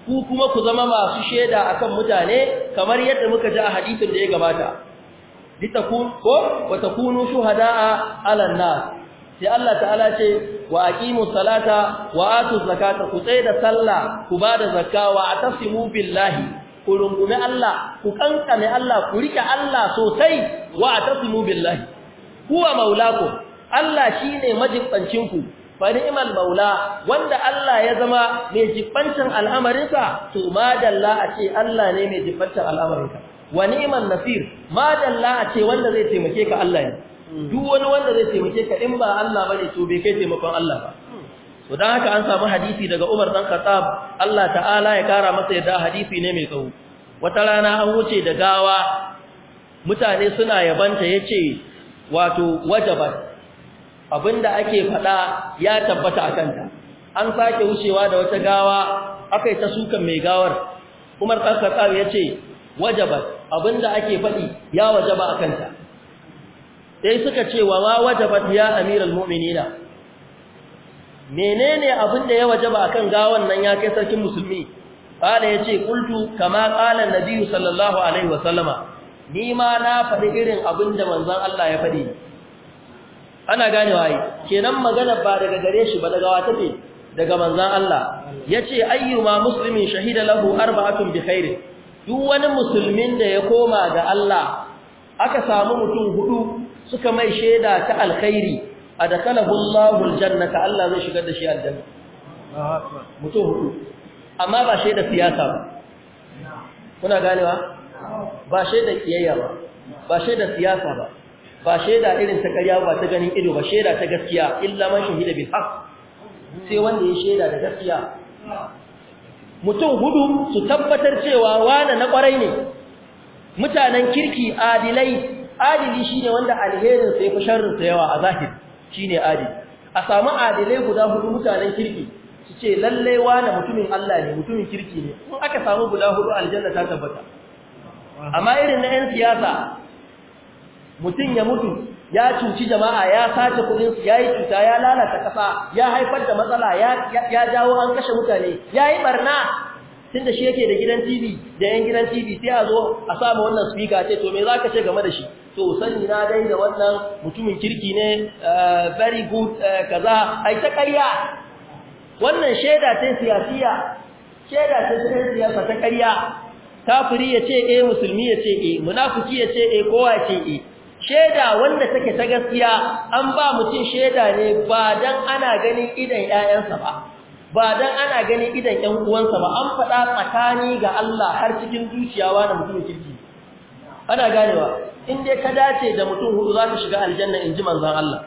ku kuma ku zama masu sheda akan mutane kamar yadda muka ji a hadisin da ya gabata litakun ko wa takunu shuhada ala nas sai Allah ta'ala ce wa aqimu salata wa atu zakata ku tsaya da sallah ku bada zakka wa atasimu billahi ku rungumi Allah ku kankame Allah ku rike Allah sosai wa atasimu billahi huwa maulakum Allah shine majibancin ku fa ni'mal maula wanda Allah ya zama mai jibancin al'amarinka to ma dalla a ce Allah ne mai jibancin al'amarinka wa ni'man nasir ma a ce wanda zai taimake ka Allah ne duk wani wanda zai taimake ka in ba Allah bane to bai kai taimakon Allah ba to dan haka an samu hadisi daga Umar dan Khattab Allah ta'ala ya kara masa yadda hadisi ne mai tsawo wata rana an wuce da gawa mutane suna yabanta yace wato wajaba abinda ake fada ya tabbata akan ta an sake wucewa da wata gawa akai ta sukan mai gawar Umar dan Khattab yace wajaba abinda ake fadi ya wajaba akan ta sai suka ce wa wajaba ya amiral mu'minina menene abin da ya wajaba kan gawan nan ya kai sarkin musulmi qala yace qultu kama qala nabiyyu sallallahu alaihi wasallama ni ma na faɗi irin abin da manzon Allah ya faɗi ana ganewa ai kenan magana ba daga gare shi ba daga wata ce daga manzon Allah yace ayyuma muslimin shahida lahu arba'atun bi khairin duk wani musulmin da ya koma ga Allah aka samu mutum hudu suka mai shaida ta alkhairi adakalahu Allahu jannata Allah zai shigar da shi aljanna mutum hudu amma ba shaida siyasa ba kuna ganewa ba shaida kiyayya ba ba shaida siyasa ba ba shaida irin ta ƙarya ba ta ganin ido ba shaida ta gaskiya illa man shahida bil haqq sai wanda ya shaida da gaskiya mutum hudu su tabbatar cewa wane na kwarai ne mutanen kirki adilai adili shine wanda alherin sai fi sharrin sa yawa a zahiri ne adi a samu adilai guda hudu mutanen kirki su ce lalle wani mutumin Allah ne mutumin kirki ne in aka samu guda hudu aljanna ta tabbata amma irin na 'yan siyasa mutum ya mutu ya cuci jama'a ya sace kudin su yi cuta ya lalata kasa ya haifar da matsala ya jawo an kashe mutane ya yi barna tunda shi yake da gidan TV da yan gidan TV sai a zo a samu wannan speaker ce to me za ka ce game da shi to sani na dai da wannan mutumin kirki ne eh, very good eh, kaza ai ta ƙarya wannan shaida ta siyasiya shaida ta siyasa ta ƙarya kafiri ya ce eh musulmi ya ce eh munafiki ya ce eh kowa ya ce eh shaida wanda take ta gaskiya an ba mutum shaida ne ba dan ana ganin idan ƴaƴansa ba ba dan ana ganin idan ƴan uwansa ba an faɗa tsakani ga Allah har cikin zuciyawa da mutum kirki ana ganewa in dai ka dace da mutum hudu za ka shiga aljanna in ji manzan Allah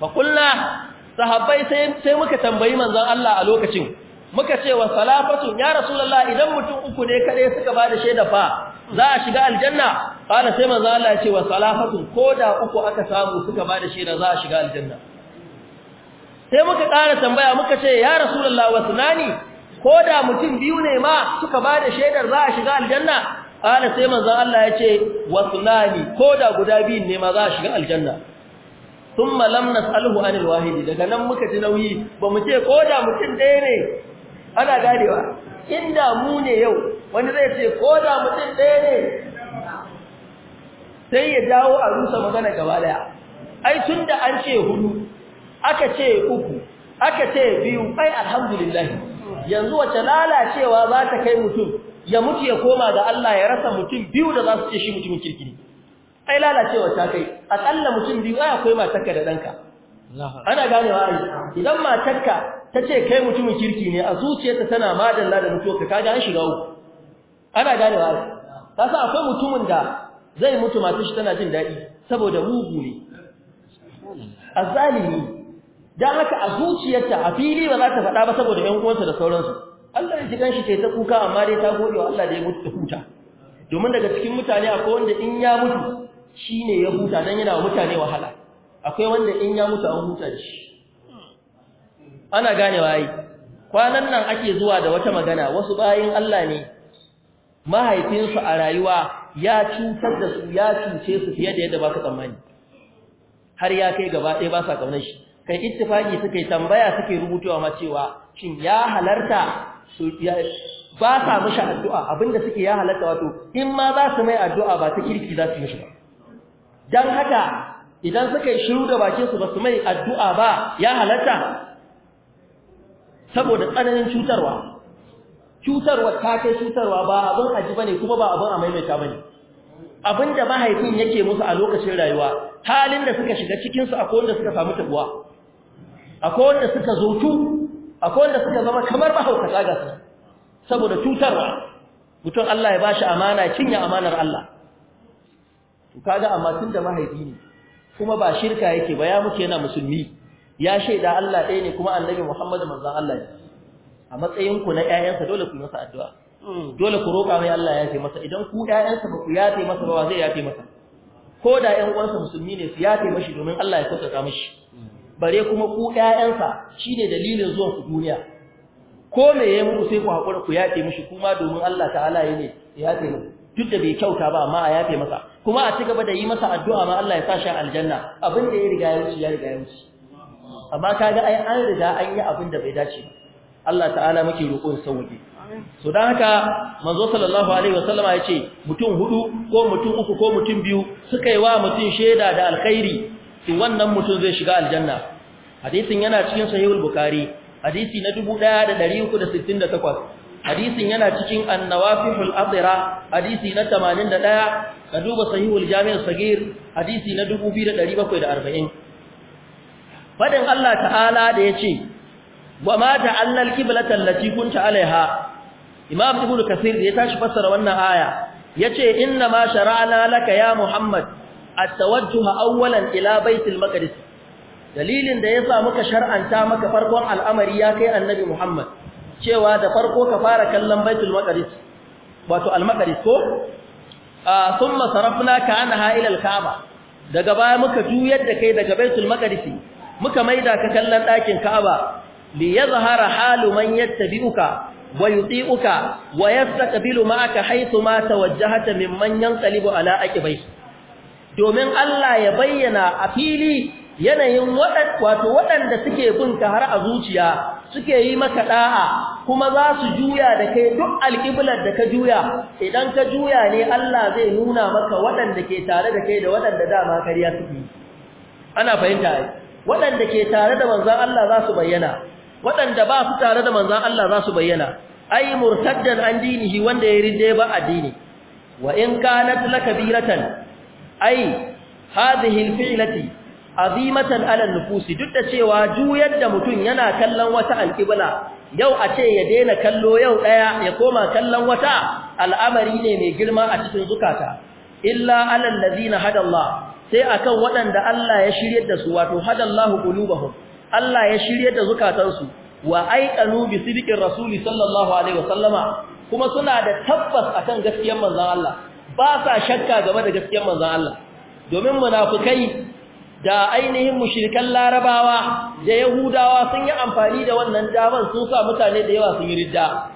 faƙulla sahabbai sai muka tambayi manzan Allah a lokacin muka ce wa salafatu ya rasulullah idan mutum uku ne kaɗai suka ba da shaida fa za a shiga aljanna kana sai manzan Allah ya ce wa salafatu ko da uku aka samu suka ba da shaida za a shiga aljanna sai muka ƙara tambaya muka ce ya rasulullah wa sunani ko da mutum biyu ne ma suka ba da shaidar za a shiga aljanna Ƙala sai manzan Allah ya ce, Wasulani, ko da guda biyun ne ma za a shiga aljanna. Sun malam na anil wahidi, daga nan muka ji nauyi, ba mu ce ko da mutum ɗaya ne, ana gadewa. Inda mu ne yau, wani zai ce ko da mutum ɗaya ne, sai ya dawo a rusa magana gaba daya Ai, tun da an ce hudu, aka ce uku, aka ce biyu, ai, alhamdulillahi, yanzu wace lalacewa za ta kai mutum ya mutu ya koma ga Allah ya rasa mutum biyu da za su ce shi mutumin kirkiri ai lalacewa ta kai akalla mutum biyu ai akwai matarka da ɗanka. ana ganewa ai idan matarka ta ce kai mutumin kirki ne a zuciyarta tana madalla da ka kaga an shiga uku ana ganewa ai ka san akwai mutumin da zai mutu matar shi tana jin daɗi saboda mugu ne A zalimi don haka a zuciyarta a fili ba za ta faɗa ba saboda ƴan uwansa da sauransu Allah ya ji ganshi ta ta kuka amma dai ta gode wa Allah da ya mutu ta huta domin daga cikin mutane akwai wanda in ya mutu shi ne ya huta don yana wa mutane wahala akwai wanda in ya mutu an huta shi ana ganewa yi kwanan nan ake zuwa da wata magana wasu bayan Allah ne mahaifinsu a rayuwa ya cutar da su ya cuce su fiye da yadda ba su tsammani har ya kai gaba ɗaya ba sa kaunar shi kai ittifaki suka yi tambaya suke rubutuwa ma cewa shin ya halarta su ba sa mashi addu'a abinda suke ya halatta wato in ma za su mai addu'a ba ta kirki za su shi ba dan haka idan suka yi shiru da bakinsu su ba su mai addu'a ba ya halatta saboda tsananin cutarwa cutarwa ta kai cutarwa ba abin aji bane kuma ba abin a maimaita bane abinda mahaifin yake musu a lokacin rayuwa halin da suka shiga cikin su akwai wanda suka samu tabuwa akwai wanda suka zo tu akwai wanda suka zama kamar mahaukata ga su saboda cutarwa mutum Allah ya bashi amana cinye amanar Allah to kaga amma tun da mahaifi ne kuma ba shirka yake ba ya muke yana musulmi ya shaida Allah ɗaya ne kuma annabi Muhammad manzon Allah ne a matsayin ku na ƴaƴansa dole ku yi masa addu'a dole ku roƙa mai Allah ya masa idan ku ƴaƴansa ba ku yafe masa ba zai yafe masa ko da ƴan uwansa musulmi ne su yafe mashi domin Allah ya sauƙaƙa mashi bare kuma ku ƴaƴansa shine dalilin zuwan ku duniya ko me yayi muku sai ku hakura ku yafe mishi kuma domin Allah ta'ala yake yafe mu duk da bai kyauta ba amma a yafe masa kuma a cigaba da yi masa addu'a ma Allah ya sa shi aljanna abin da ya riga ya wuce ya riga ya wuce amma kaga ai an riga an yi abin da bai dace ba Allah ta'ala muke roƙon sauki so dan haka manzo sallallahu alaihi wasallama yace mutum hudu ko mutum uku ko mutum biyu suka yi wa mutum sheda da alkhairi to wannan mutum zai shiga aljanna hadisin yana cikin sahihul bukhari hadisi na 1368 hadisin yana cikin annawafihul adira hadisi na 81 ka duba sahihul jami'us sagir hadisi na 2740 fadin Allah ta'ala da yace wa ma ta'alla al-qiblata allati kunta imam ibnu kasir da ya tashi fassara wannan aya yace inna ma shara'ana laka ya muhammad at-tawajjuh awwalan ila baitul maqdis dalilin da yasa muka shar'anta maka farkon al'amari ya kai annabi Muhammad cewa da farko ka fara kallon baitul maqdis wato al-maqdis ko thumma sarafna ka anha ila al-ka'ba daga baya muka juyar da kai daga baitul maqdis muka maida ka kallon ɗakin ka'aba li yadhhara halu man yattabi'uka ويطيئك ويستقبل معك حيث ما توجهت ممن ينقلب على عقبيه domin Allah ya bayyana a fili yanayin wato waɗanda suke bunka har a zuciya suke yi maka da'a kuma za su juya da kai duk alƙiblar da ka juya idan ka juya ne Allah zai nuna maka waɗanda ke tare da kai da waɗanda dama kariya suke ana fahimta ai waɗanda ke tare da manzan Allah za su bayyana waɗanda ba su tare da manzan Allah za su bayyana ai murtaddan an dinihi wanda ya rinde ba addini wa in kanat lakabiratan ai hadhihi alfi'lati azimatan ala nufusi duk da cewa juyar da mutum yana kallon wata alƙibla yau a ce ya daina kallo yau daya ya koma kallon wata al'amari ne mai girma a cikin zukata illa ala allazina hadallah sai akan waɗanda Allah ya shiryar da su wato hadallahu qulubahum Allah ya shiryar da zukatansu wa aiqanu bi sidqir rasuli sallallahu alaihi wasallama kuma suna da tabbas akan gaskiyar manzon Allah ba sa shakka game da gaskiyar manzon Allah domin munafukai da ainihin mushrikan larabawa da yahudawa sun yi amfani da wannan daman sun sa mutane da yawa sun yi ridda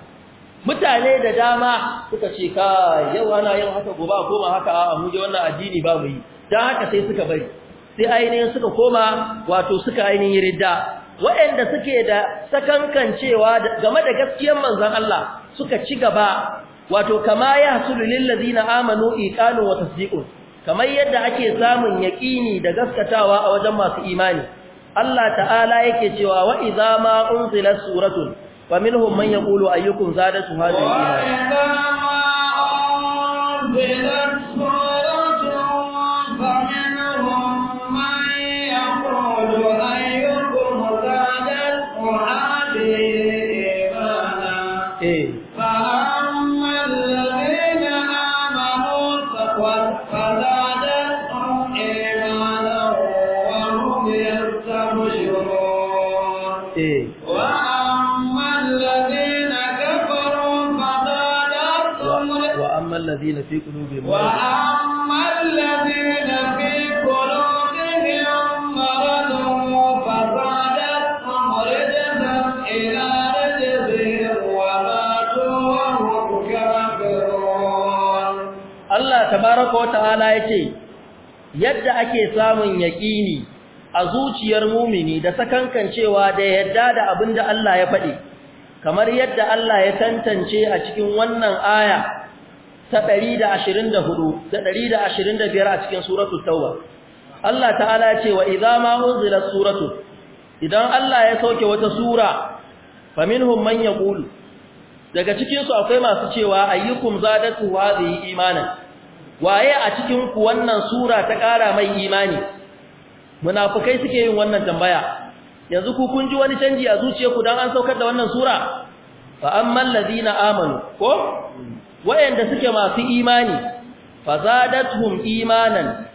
mutane da dama suka ce ka yau ana yin haka gobe a koma haka a muje wannan addini ba mu yi dan haka sai suka bari sai ainihin suka koma wato suka ainihin ridda waɗanda suke da sakankancewa game da gaskiyar manzon Allah suka ci gaba wato kama ya hasulu lil ladina amanu iqanu wa tasdiqun kamar yadda ake samun yaqini da gaskatawa a wajen masu imani Allah ta'ala yake cewa wa idza ma unzilat suratun wa minhum man yaqulu ayyukum zadatu hadhihi imana في قلوبهم وأما الذين في قلوبهم مرض فزادتهم yadda ake samun yaƙini a zuciyar mumini da kankancewa da yadda da abin da Allah ya faɗi kamar yadda Allah ya tantance a cikin wannan aya ta 124 da 125 a cikin suratul tauba Allah ta'ala ya ce wa idza ma unzila suratu idan Allah ya sauke wata sura faminhum man yaqulu daga cikin su akwai masu cewa ayyukum zadatu hadhihi imanan waye a cikin ku wannan sura ta ƙara mai imani munafukai suke yin wannan tambaya yanzu ku kun ji wani canji a zuciyarku dan an saukar da wannan sura fa ammal ladina amanu ko wayanda suke masu imani fazadatuhum imanan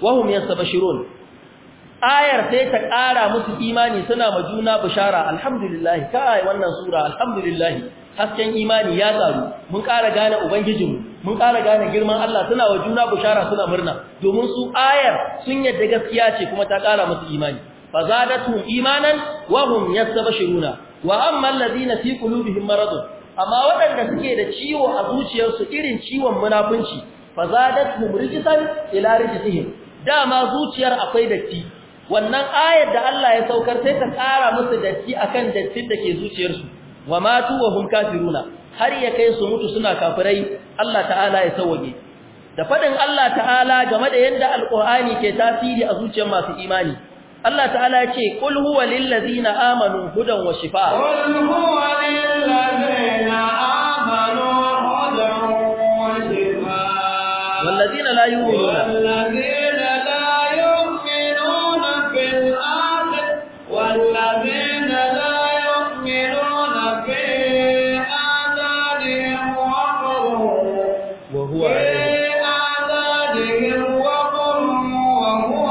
wahum yastabshirun ayar sai ta ƙara musu imani suna ma juna bishara alhamdulillah kai wannan sura alhamdulillah hasken imani ya karu mun ƙara gane ubangijinmu mun ƙara gane girman Allah suna wa juna bishara suna murna domin su ayar sun yadda gaskiya ce kuma ta ƙara musu imani fazadatuhum imanan wahum yastabshiruna wa amma alladhina fi qulubihim maradun amma waɗanda suke da ciwo a zuciyarsu irin ciwon munafunci fa zadatuhum rijsan ila rijsihim dama zuciyar akwai datti wannan ayar da Allah ya saukar sai ta tsara musu datti akan dattin da ke zuciyarsu wa matu wa hum kafiruna har ya kai su mutu suna kafirai Allah ta'ala ya sauke da fadin Allah ta'ala game da yadda alqur'ani ke tasiri a zuciyar masu imani Allah ta'ala ya ce qul huwa lil ladina amanu hudan wa shifa qul huwa lil ladina يؤمنون والذين لا يؤمنون بالآخر والذين لا يؤمنون بآذانهم وقر وهو بآذانهم وقر وهو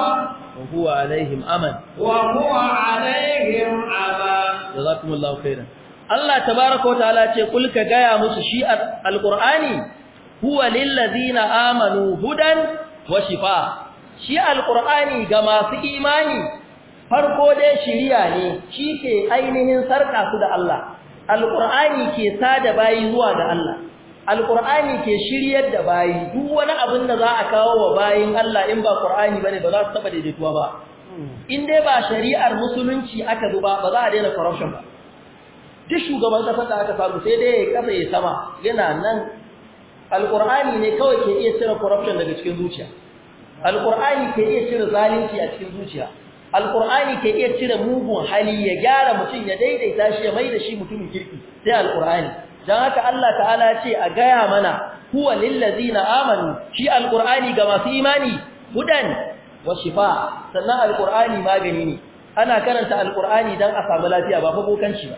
وهو عليهم أمن وهو عليهم أمن جزاكم الله خيرا Allah تبارك وتعالى يقول لك kul ka gaya musu huwa lillazina amanu hudan wa shifa shi alqur'ani ga masu imani farko dai shiriya ne shi ke ainihin sarka su da Allah alqur'ani ke sada bayi zuwa da Allah alqur'ani ke shiryar da bayi duk wani abin da za a kawo wa bayin Allah in ba qur'ani bane ba za su taba daidaituwa ba in dai ba shari'ar musulunci aka duba ba za a daina corruption ba duk shugaban kasar da aka samu sai dai ya kafa ya sama yana nan Alƙur'ani ne kawai ke iya cire corruption daga cikin zuciya Alƙur'ani ke iya cire zalunci a cikin zuciya Alƙur'ani ke iya cire mugun hali ya gyara mutum ya daidaita shi ya maida shi mutumin kirki sai Alƙur'ani. dan haka Allah ta'ala ya ce a gaya mana huwa na amanu shi Alƙur'ani ga masu imani hudan wa shifa sannan Alƙur'ani magani ne ana karanta Alƙur'ani dan a samu lafiya ba fa bokanci ba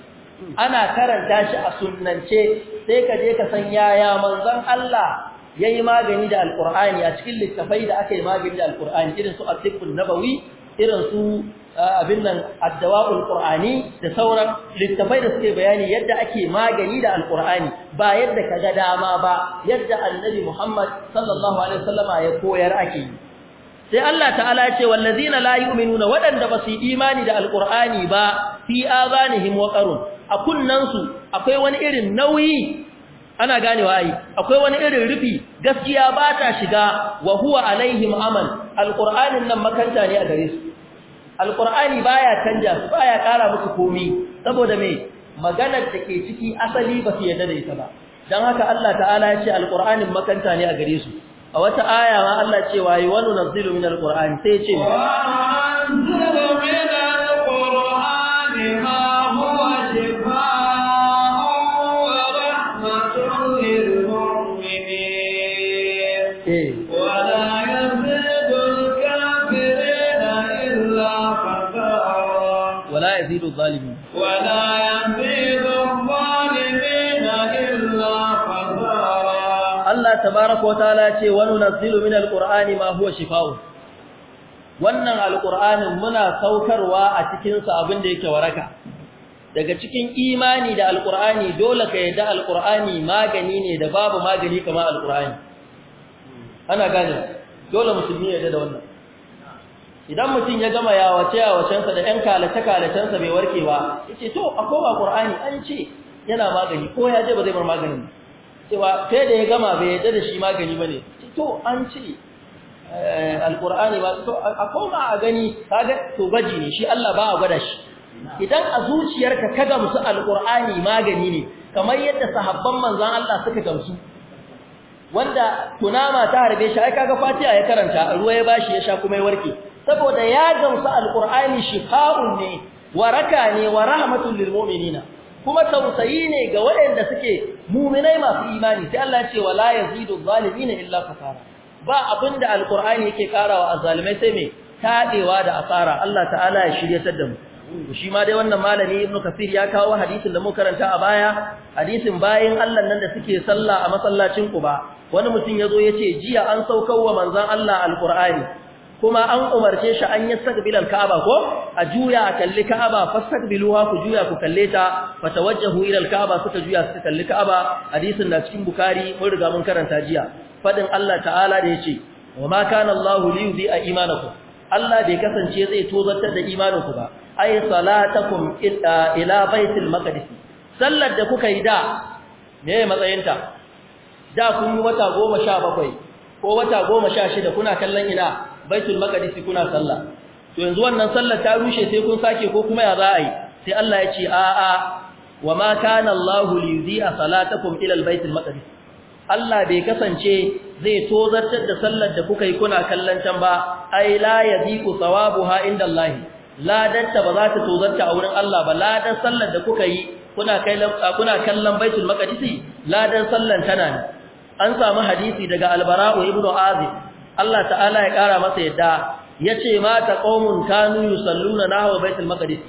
ana karanta shi a sunnance sai ka je ka san yaya manzon Allah yayi magani da alqur'ani a cikin littafai da aka yi magani da alqur'ani irin su at-tibbun nabawi irin su abin nan ad-dawa'ul qur'ani da sauran littafai da suke bayani yadda ake magani da alqur'ani ba yadda ka ga dama ba yadda annabi Muhammad sallallahu alaihi wasallama ya koyar ake yi sai Allah ta'ala ce wallazina la yu'minuna wadanda basu imani da alqur'ani ba fi azanihim ƙarun. a kunnansu akwai wani irin nauyi ana ganewa ai akwai wani irin rufi gaskiya ba ta shiga wa huwa alaihim amal nan makanta ne a gare su alqur'ani baya canja baya kara musu komi saboda mai maganar da ke ciki asali ba su yadda da ita ba dan haka Allah ta'ala ya ce alkur'anin makanta ne a gare su a wata aya ma Allah ce wa yi wani nazilu min alqur'ani sai ce wa الظالمين ولا يزيد الظالمين إلا خسارا الله تبارك وتعالى وننزل من القرآن ما هو شفاء wannan alqur'anin muna saukarwa a cikin sa abin da yake waraka daga cikin imani da alqur'ani dole ka yadda alqur'ani magani ne da babu magani kamar alqur'ani ana gane dole musulmi ya yadda da wannan idan mutum ya gama yawace sa, da ƴan kalace kalacensa bai warke ba yace to a koma qur'ani an ce yana magani ko ya je ba zai bar maganin cewa sai da ya gama bai yadda da shi magani bane to an ce eh, alqur'ani ba to a koma a gani kaga to baji ne shi Allah ba a gwada shi idan a zuciyarka ka gamsu alqur'ani magani ne kamar yadda sahabban manzon Allah suka gamsu wanda tunama ta harbe shi ai kaga Fatiha ya karanta ruwa ya bashi ya sha kuma ya warke saboda ya gamsu alkur'ani shifa'un ne waraka ne wa rahmatul lil mu'minina kuma tausayi ne ga waɗanda suke mu'minai masu imani sai Allah ya ce wala yazidu zalimina illa kafara ba abinda alkur'ani yake karawa azzalimai sai me tadewa da asara Allah ta'ala ya shiryatar da mu shi ma dai wannan malami ibnu kafir ya kawo hadisin da mu karanta a baya hadisin bayin Allah nan da suke sallah a masallacin Quba wani mutum yazo yace jiya an saukar wa manzon Allah alqur'ani kuma an umarce shi an yi al-ka'aba ko a juya kalli ka'aba fastaqbiluha ku juya ku kalle ta fatawajjahu ila kaaba suka juya suka kalli ka'aba hadisin na cikin bukari, mun riga mun karanta jiya fadin Allah ta'ala da yace wa ma kana Allahu li yudhi'a imanakum Allah bai kasance zai tozartar da imaninku ba ay salatakum ila baitil maqdis sallar da kuka yi da me matsayinta da kun yi wata 17 ko wata 16 kuna kallon ina baitul maqdis kuna sallah to yanzu wannan sallar ta rushe sai kun sake ko kuma ya za a yi sai Allah ya ce a a wa ma kana Allahu li yudhi'a salatakum ila al maqdis Allah bai kasance zai tozartar da sallar da kuka yi kuna kallon can ba ai la yadhiqu thawabuha inda Allah ladarta ba za ta tozarta a wurin Allah ba ladar sallar da kuka yi kuna kuna kallon baitul maqdis ladar sallar tana ne an samu hadisi daga albara'u ibnu azib Allah ta'ala ya kara masa yadda yace mata qaumun kanu na hawa baitul maqdis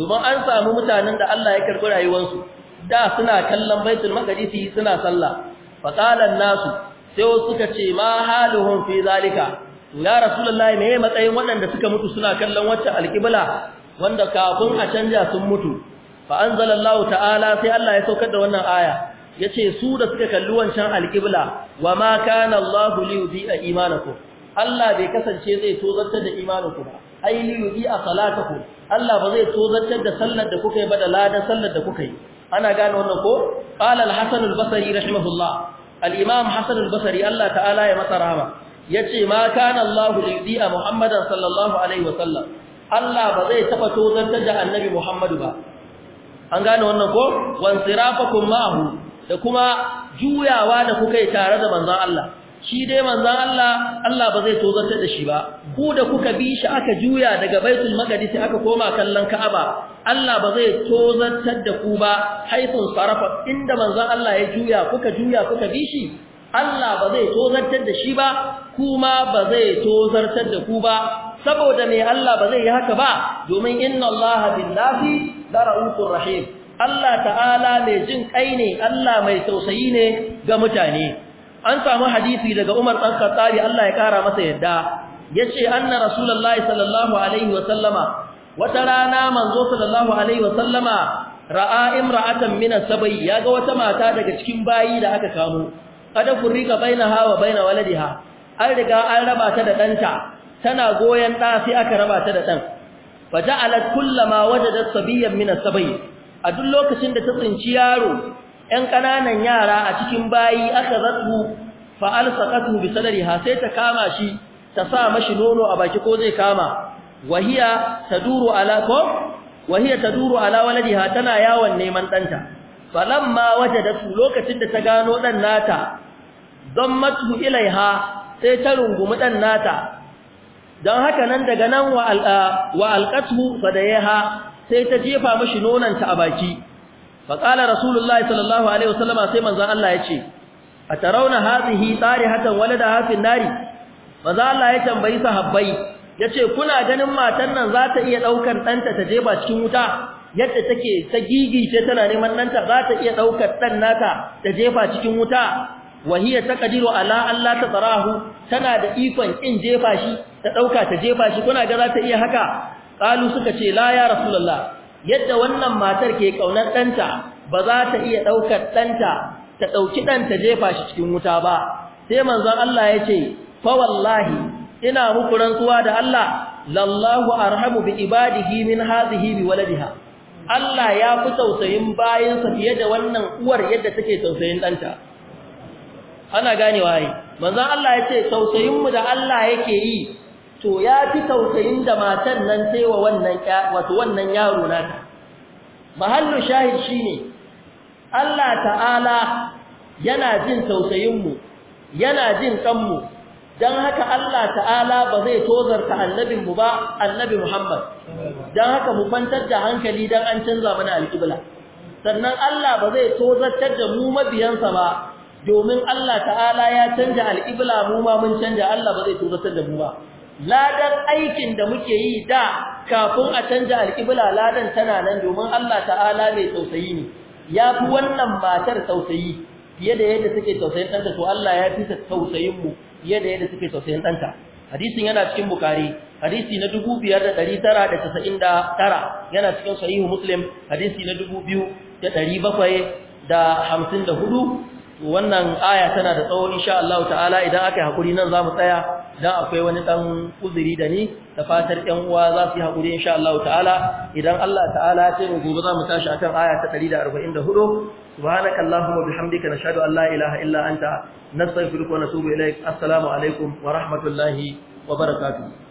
domin an samu mutanen da Allah ya karɓi rayuwarsu da suna kallon baitul maqdis suna sallah faƙalan nasu sai suka ce ma hali fi zalika ya rasulullahi me matsayin waɗanda suka mutu suna kallon wacce alkibla? wanda kafin a canja sun mutu fa anzalallahu ta'ala sai Allah ya saukar da wannan aya yace su da suka kalli wancan alqibla wa ma kana Allah li yudhi'a imanakum Allah bai kasance zai tozartar da imaninku ba ai li yudhi'a salatakum Allah ba zai tozartar da sallar da kuka yi ba da ladan sallar da kuka yi ana gane wannan ko qala al-hasan al-basri rahimahullah al-imam hasan al-basri Allah ta'ala ya masa rahama yace ma kana Allah li yudhi'a muhammadan sallallahu alaihi wa sallam Allah ba zai taba tozartar da annabi Muhammadu ba an gane wannan ko wansirafakum ma'ahu da kuma juyawa da kuka yi tare da manzan Allah shi dai manzan Allah Allah ba zai tozartar da shi ba ku da kuka bi shi aka juya daga baitul maqdis aka koma kallon Ka'aba Allah ba zai tozartar da ku ba haifin sarafa inda manzan Allah ya juya kuka juya kuka bi shi Allah ba zai tozartar da shi ba kuma ba zai tozartar da ku ba saboda me Allah ba zai yi haka ba domin inna Allah billahi la rahim Allah ta'ala mai jin kai ne Allah mai tausayi ne ga mutane an samu hadisi daga Umar dan Khattabi Allah ya kara masa yadda Ya ce anna Rasulallah! sallallahu alaihi wa sallama wata rana manzo sallallahu alaihi wa sallama ra'a imra'atan minan sabai ya ga wata mata daga cikin bayi da aka kamo kada furika baina hawa baina waladiha an riga an raba ta da ɗanta tana goyon da sai aka raba ta da faja alat kullama wajadat sabiyan min sabai a duk lokacin da ta tsinci yaro 'yan ƙananan yara a cikin bayi aka zatsu fa'al sakatu bi ha sai ta kama shi ta sa mashi nono a baki ko zai kama wahiya taduru ala ko wahiya ala tana yawon neman ɗanta da su lokacin da ta gano ɗan nata ilai ilaiha sai ta rungumi ɗan nata don haka nan daga nan wa alƙatu ha. sai ta jefa mashi nonanta a baki faqala rasulullahi sallallahu alaihi wasallama sai manzon Allah ya ce atarauna hadhihi tarihatan walada hafin nari manzon Allah ya tambayi sahabbai yace kuna ganin matan nan za ta iya daukar danta ta jefa cikin wuta yadda take ta gigice tana neman danta za ta iya daukar dan nata ta jefa cikin wuta wahiya taqdiru ala Allah ta tsarahu tana da ikon in jefa shi ta dauka ta jefa shi kuna ga za ta iya haka qalu suka ce la ya rasulullah yadda wannan matar ke kaunar danta ba za ta iya daukar danta ta dauki danta jefa shi cikin wuta ba sai manzon Allah ya ce fa wallahi ina muku rantsuwa da Allah lallahu arhamu bi ibadihi min hadhihi bi waladiha Allah ya fi tausayin sa fiye da wannan uwar yadda take tausayin danta ana ganewa ai manzon Allah ya ce tausayin mu da Allah yake yi to ya fi tausayin da matan nan sai wa wannan wato wannan yaro nata mahallu shahid shine Allah ta'ala yana jin tausayin mu yana jin kan mu dan haka Allah ta'ala ba zai tozarta annabin mu ba annabi Muhammad dan haka mu kwantar da hankali dan an canza mana alƙibla sannan Allah ba zai tozartar da mu mabiyansa ba domin Allah ta'ala ya canja alƙibla mu ma mun canja Allah ba zai tozartar da mu ba ladan aikin da muke yi da kafin a canja alƙibla ladan tana nan domin Allah ta'ala mai tausayi ne ya fi wannan matar tausayi fiye da yadda suke tausayin ɗanta to Allah ya fi tausayin mu fiye da yadda suke tausayin ɗanta hadisin yana cikin bukari hadisi na 2999 yana cikin sahihu muslim hadisi na 2754 wannan aya tana da tsawo insha Allah ta'ala idan aka yi hakuri nan zamu tsaya dan akwai wani dan uzuri da ni da fatar ɗan uwa za su yi hakuri insha Allah ta'ala idan Allah ta'ala ya taimaka gobe za mu tashi akan aya ta 144 subhanaka allahumma bihamdika nashhadu an la ilaha illa anta nastaghfiruka wa natubu ilaik assalamu alaikum wa rahmatullahi wa barakatuh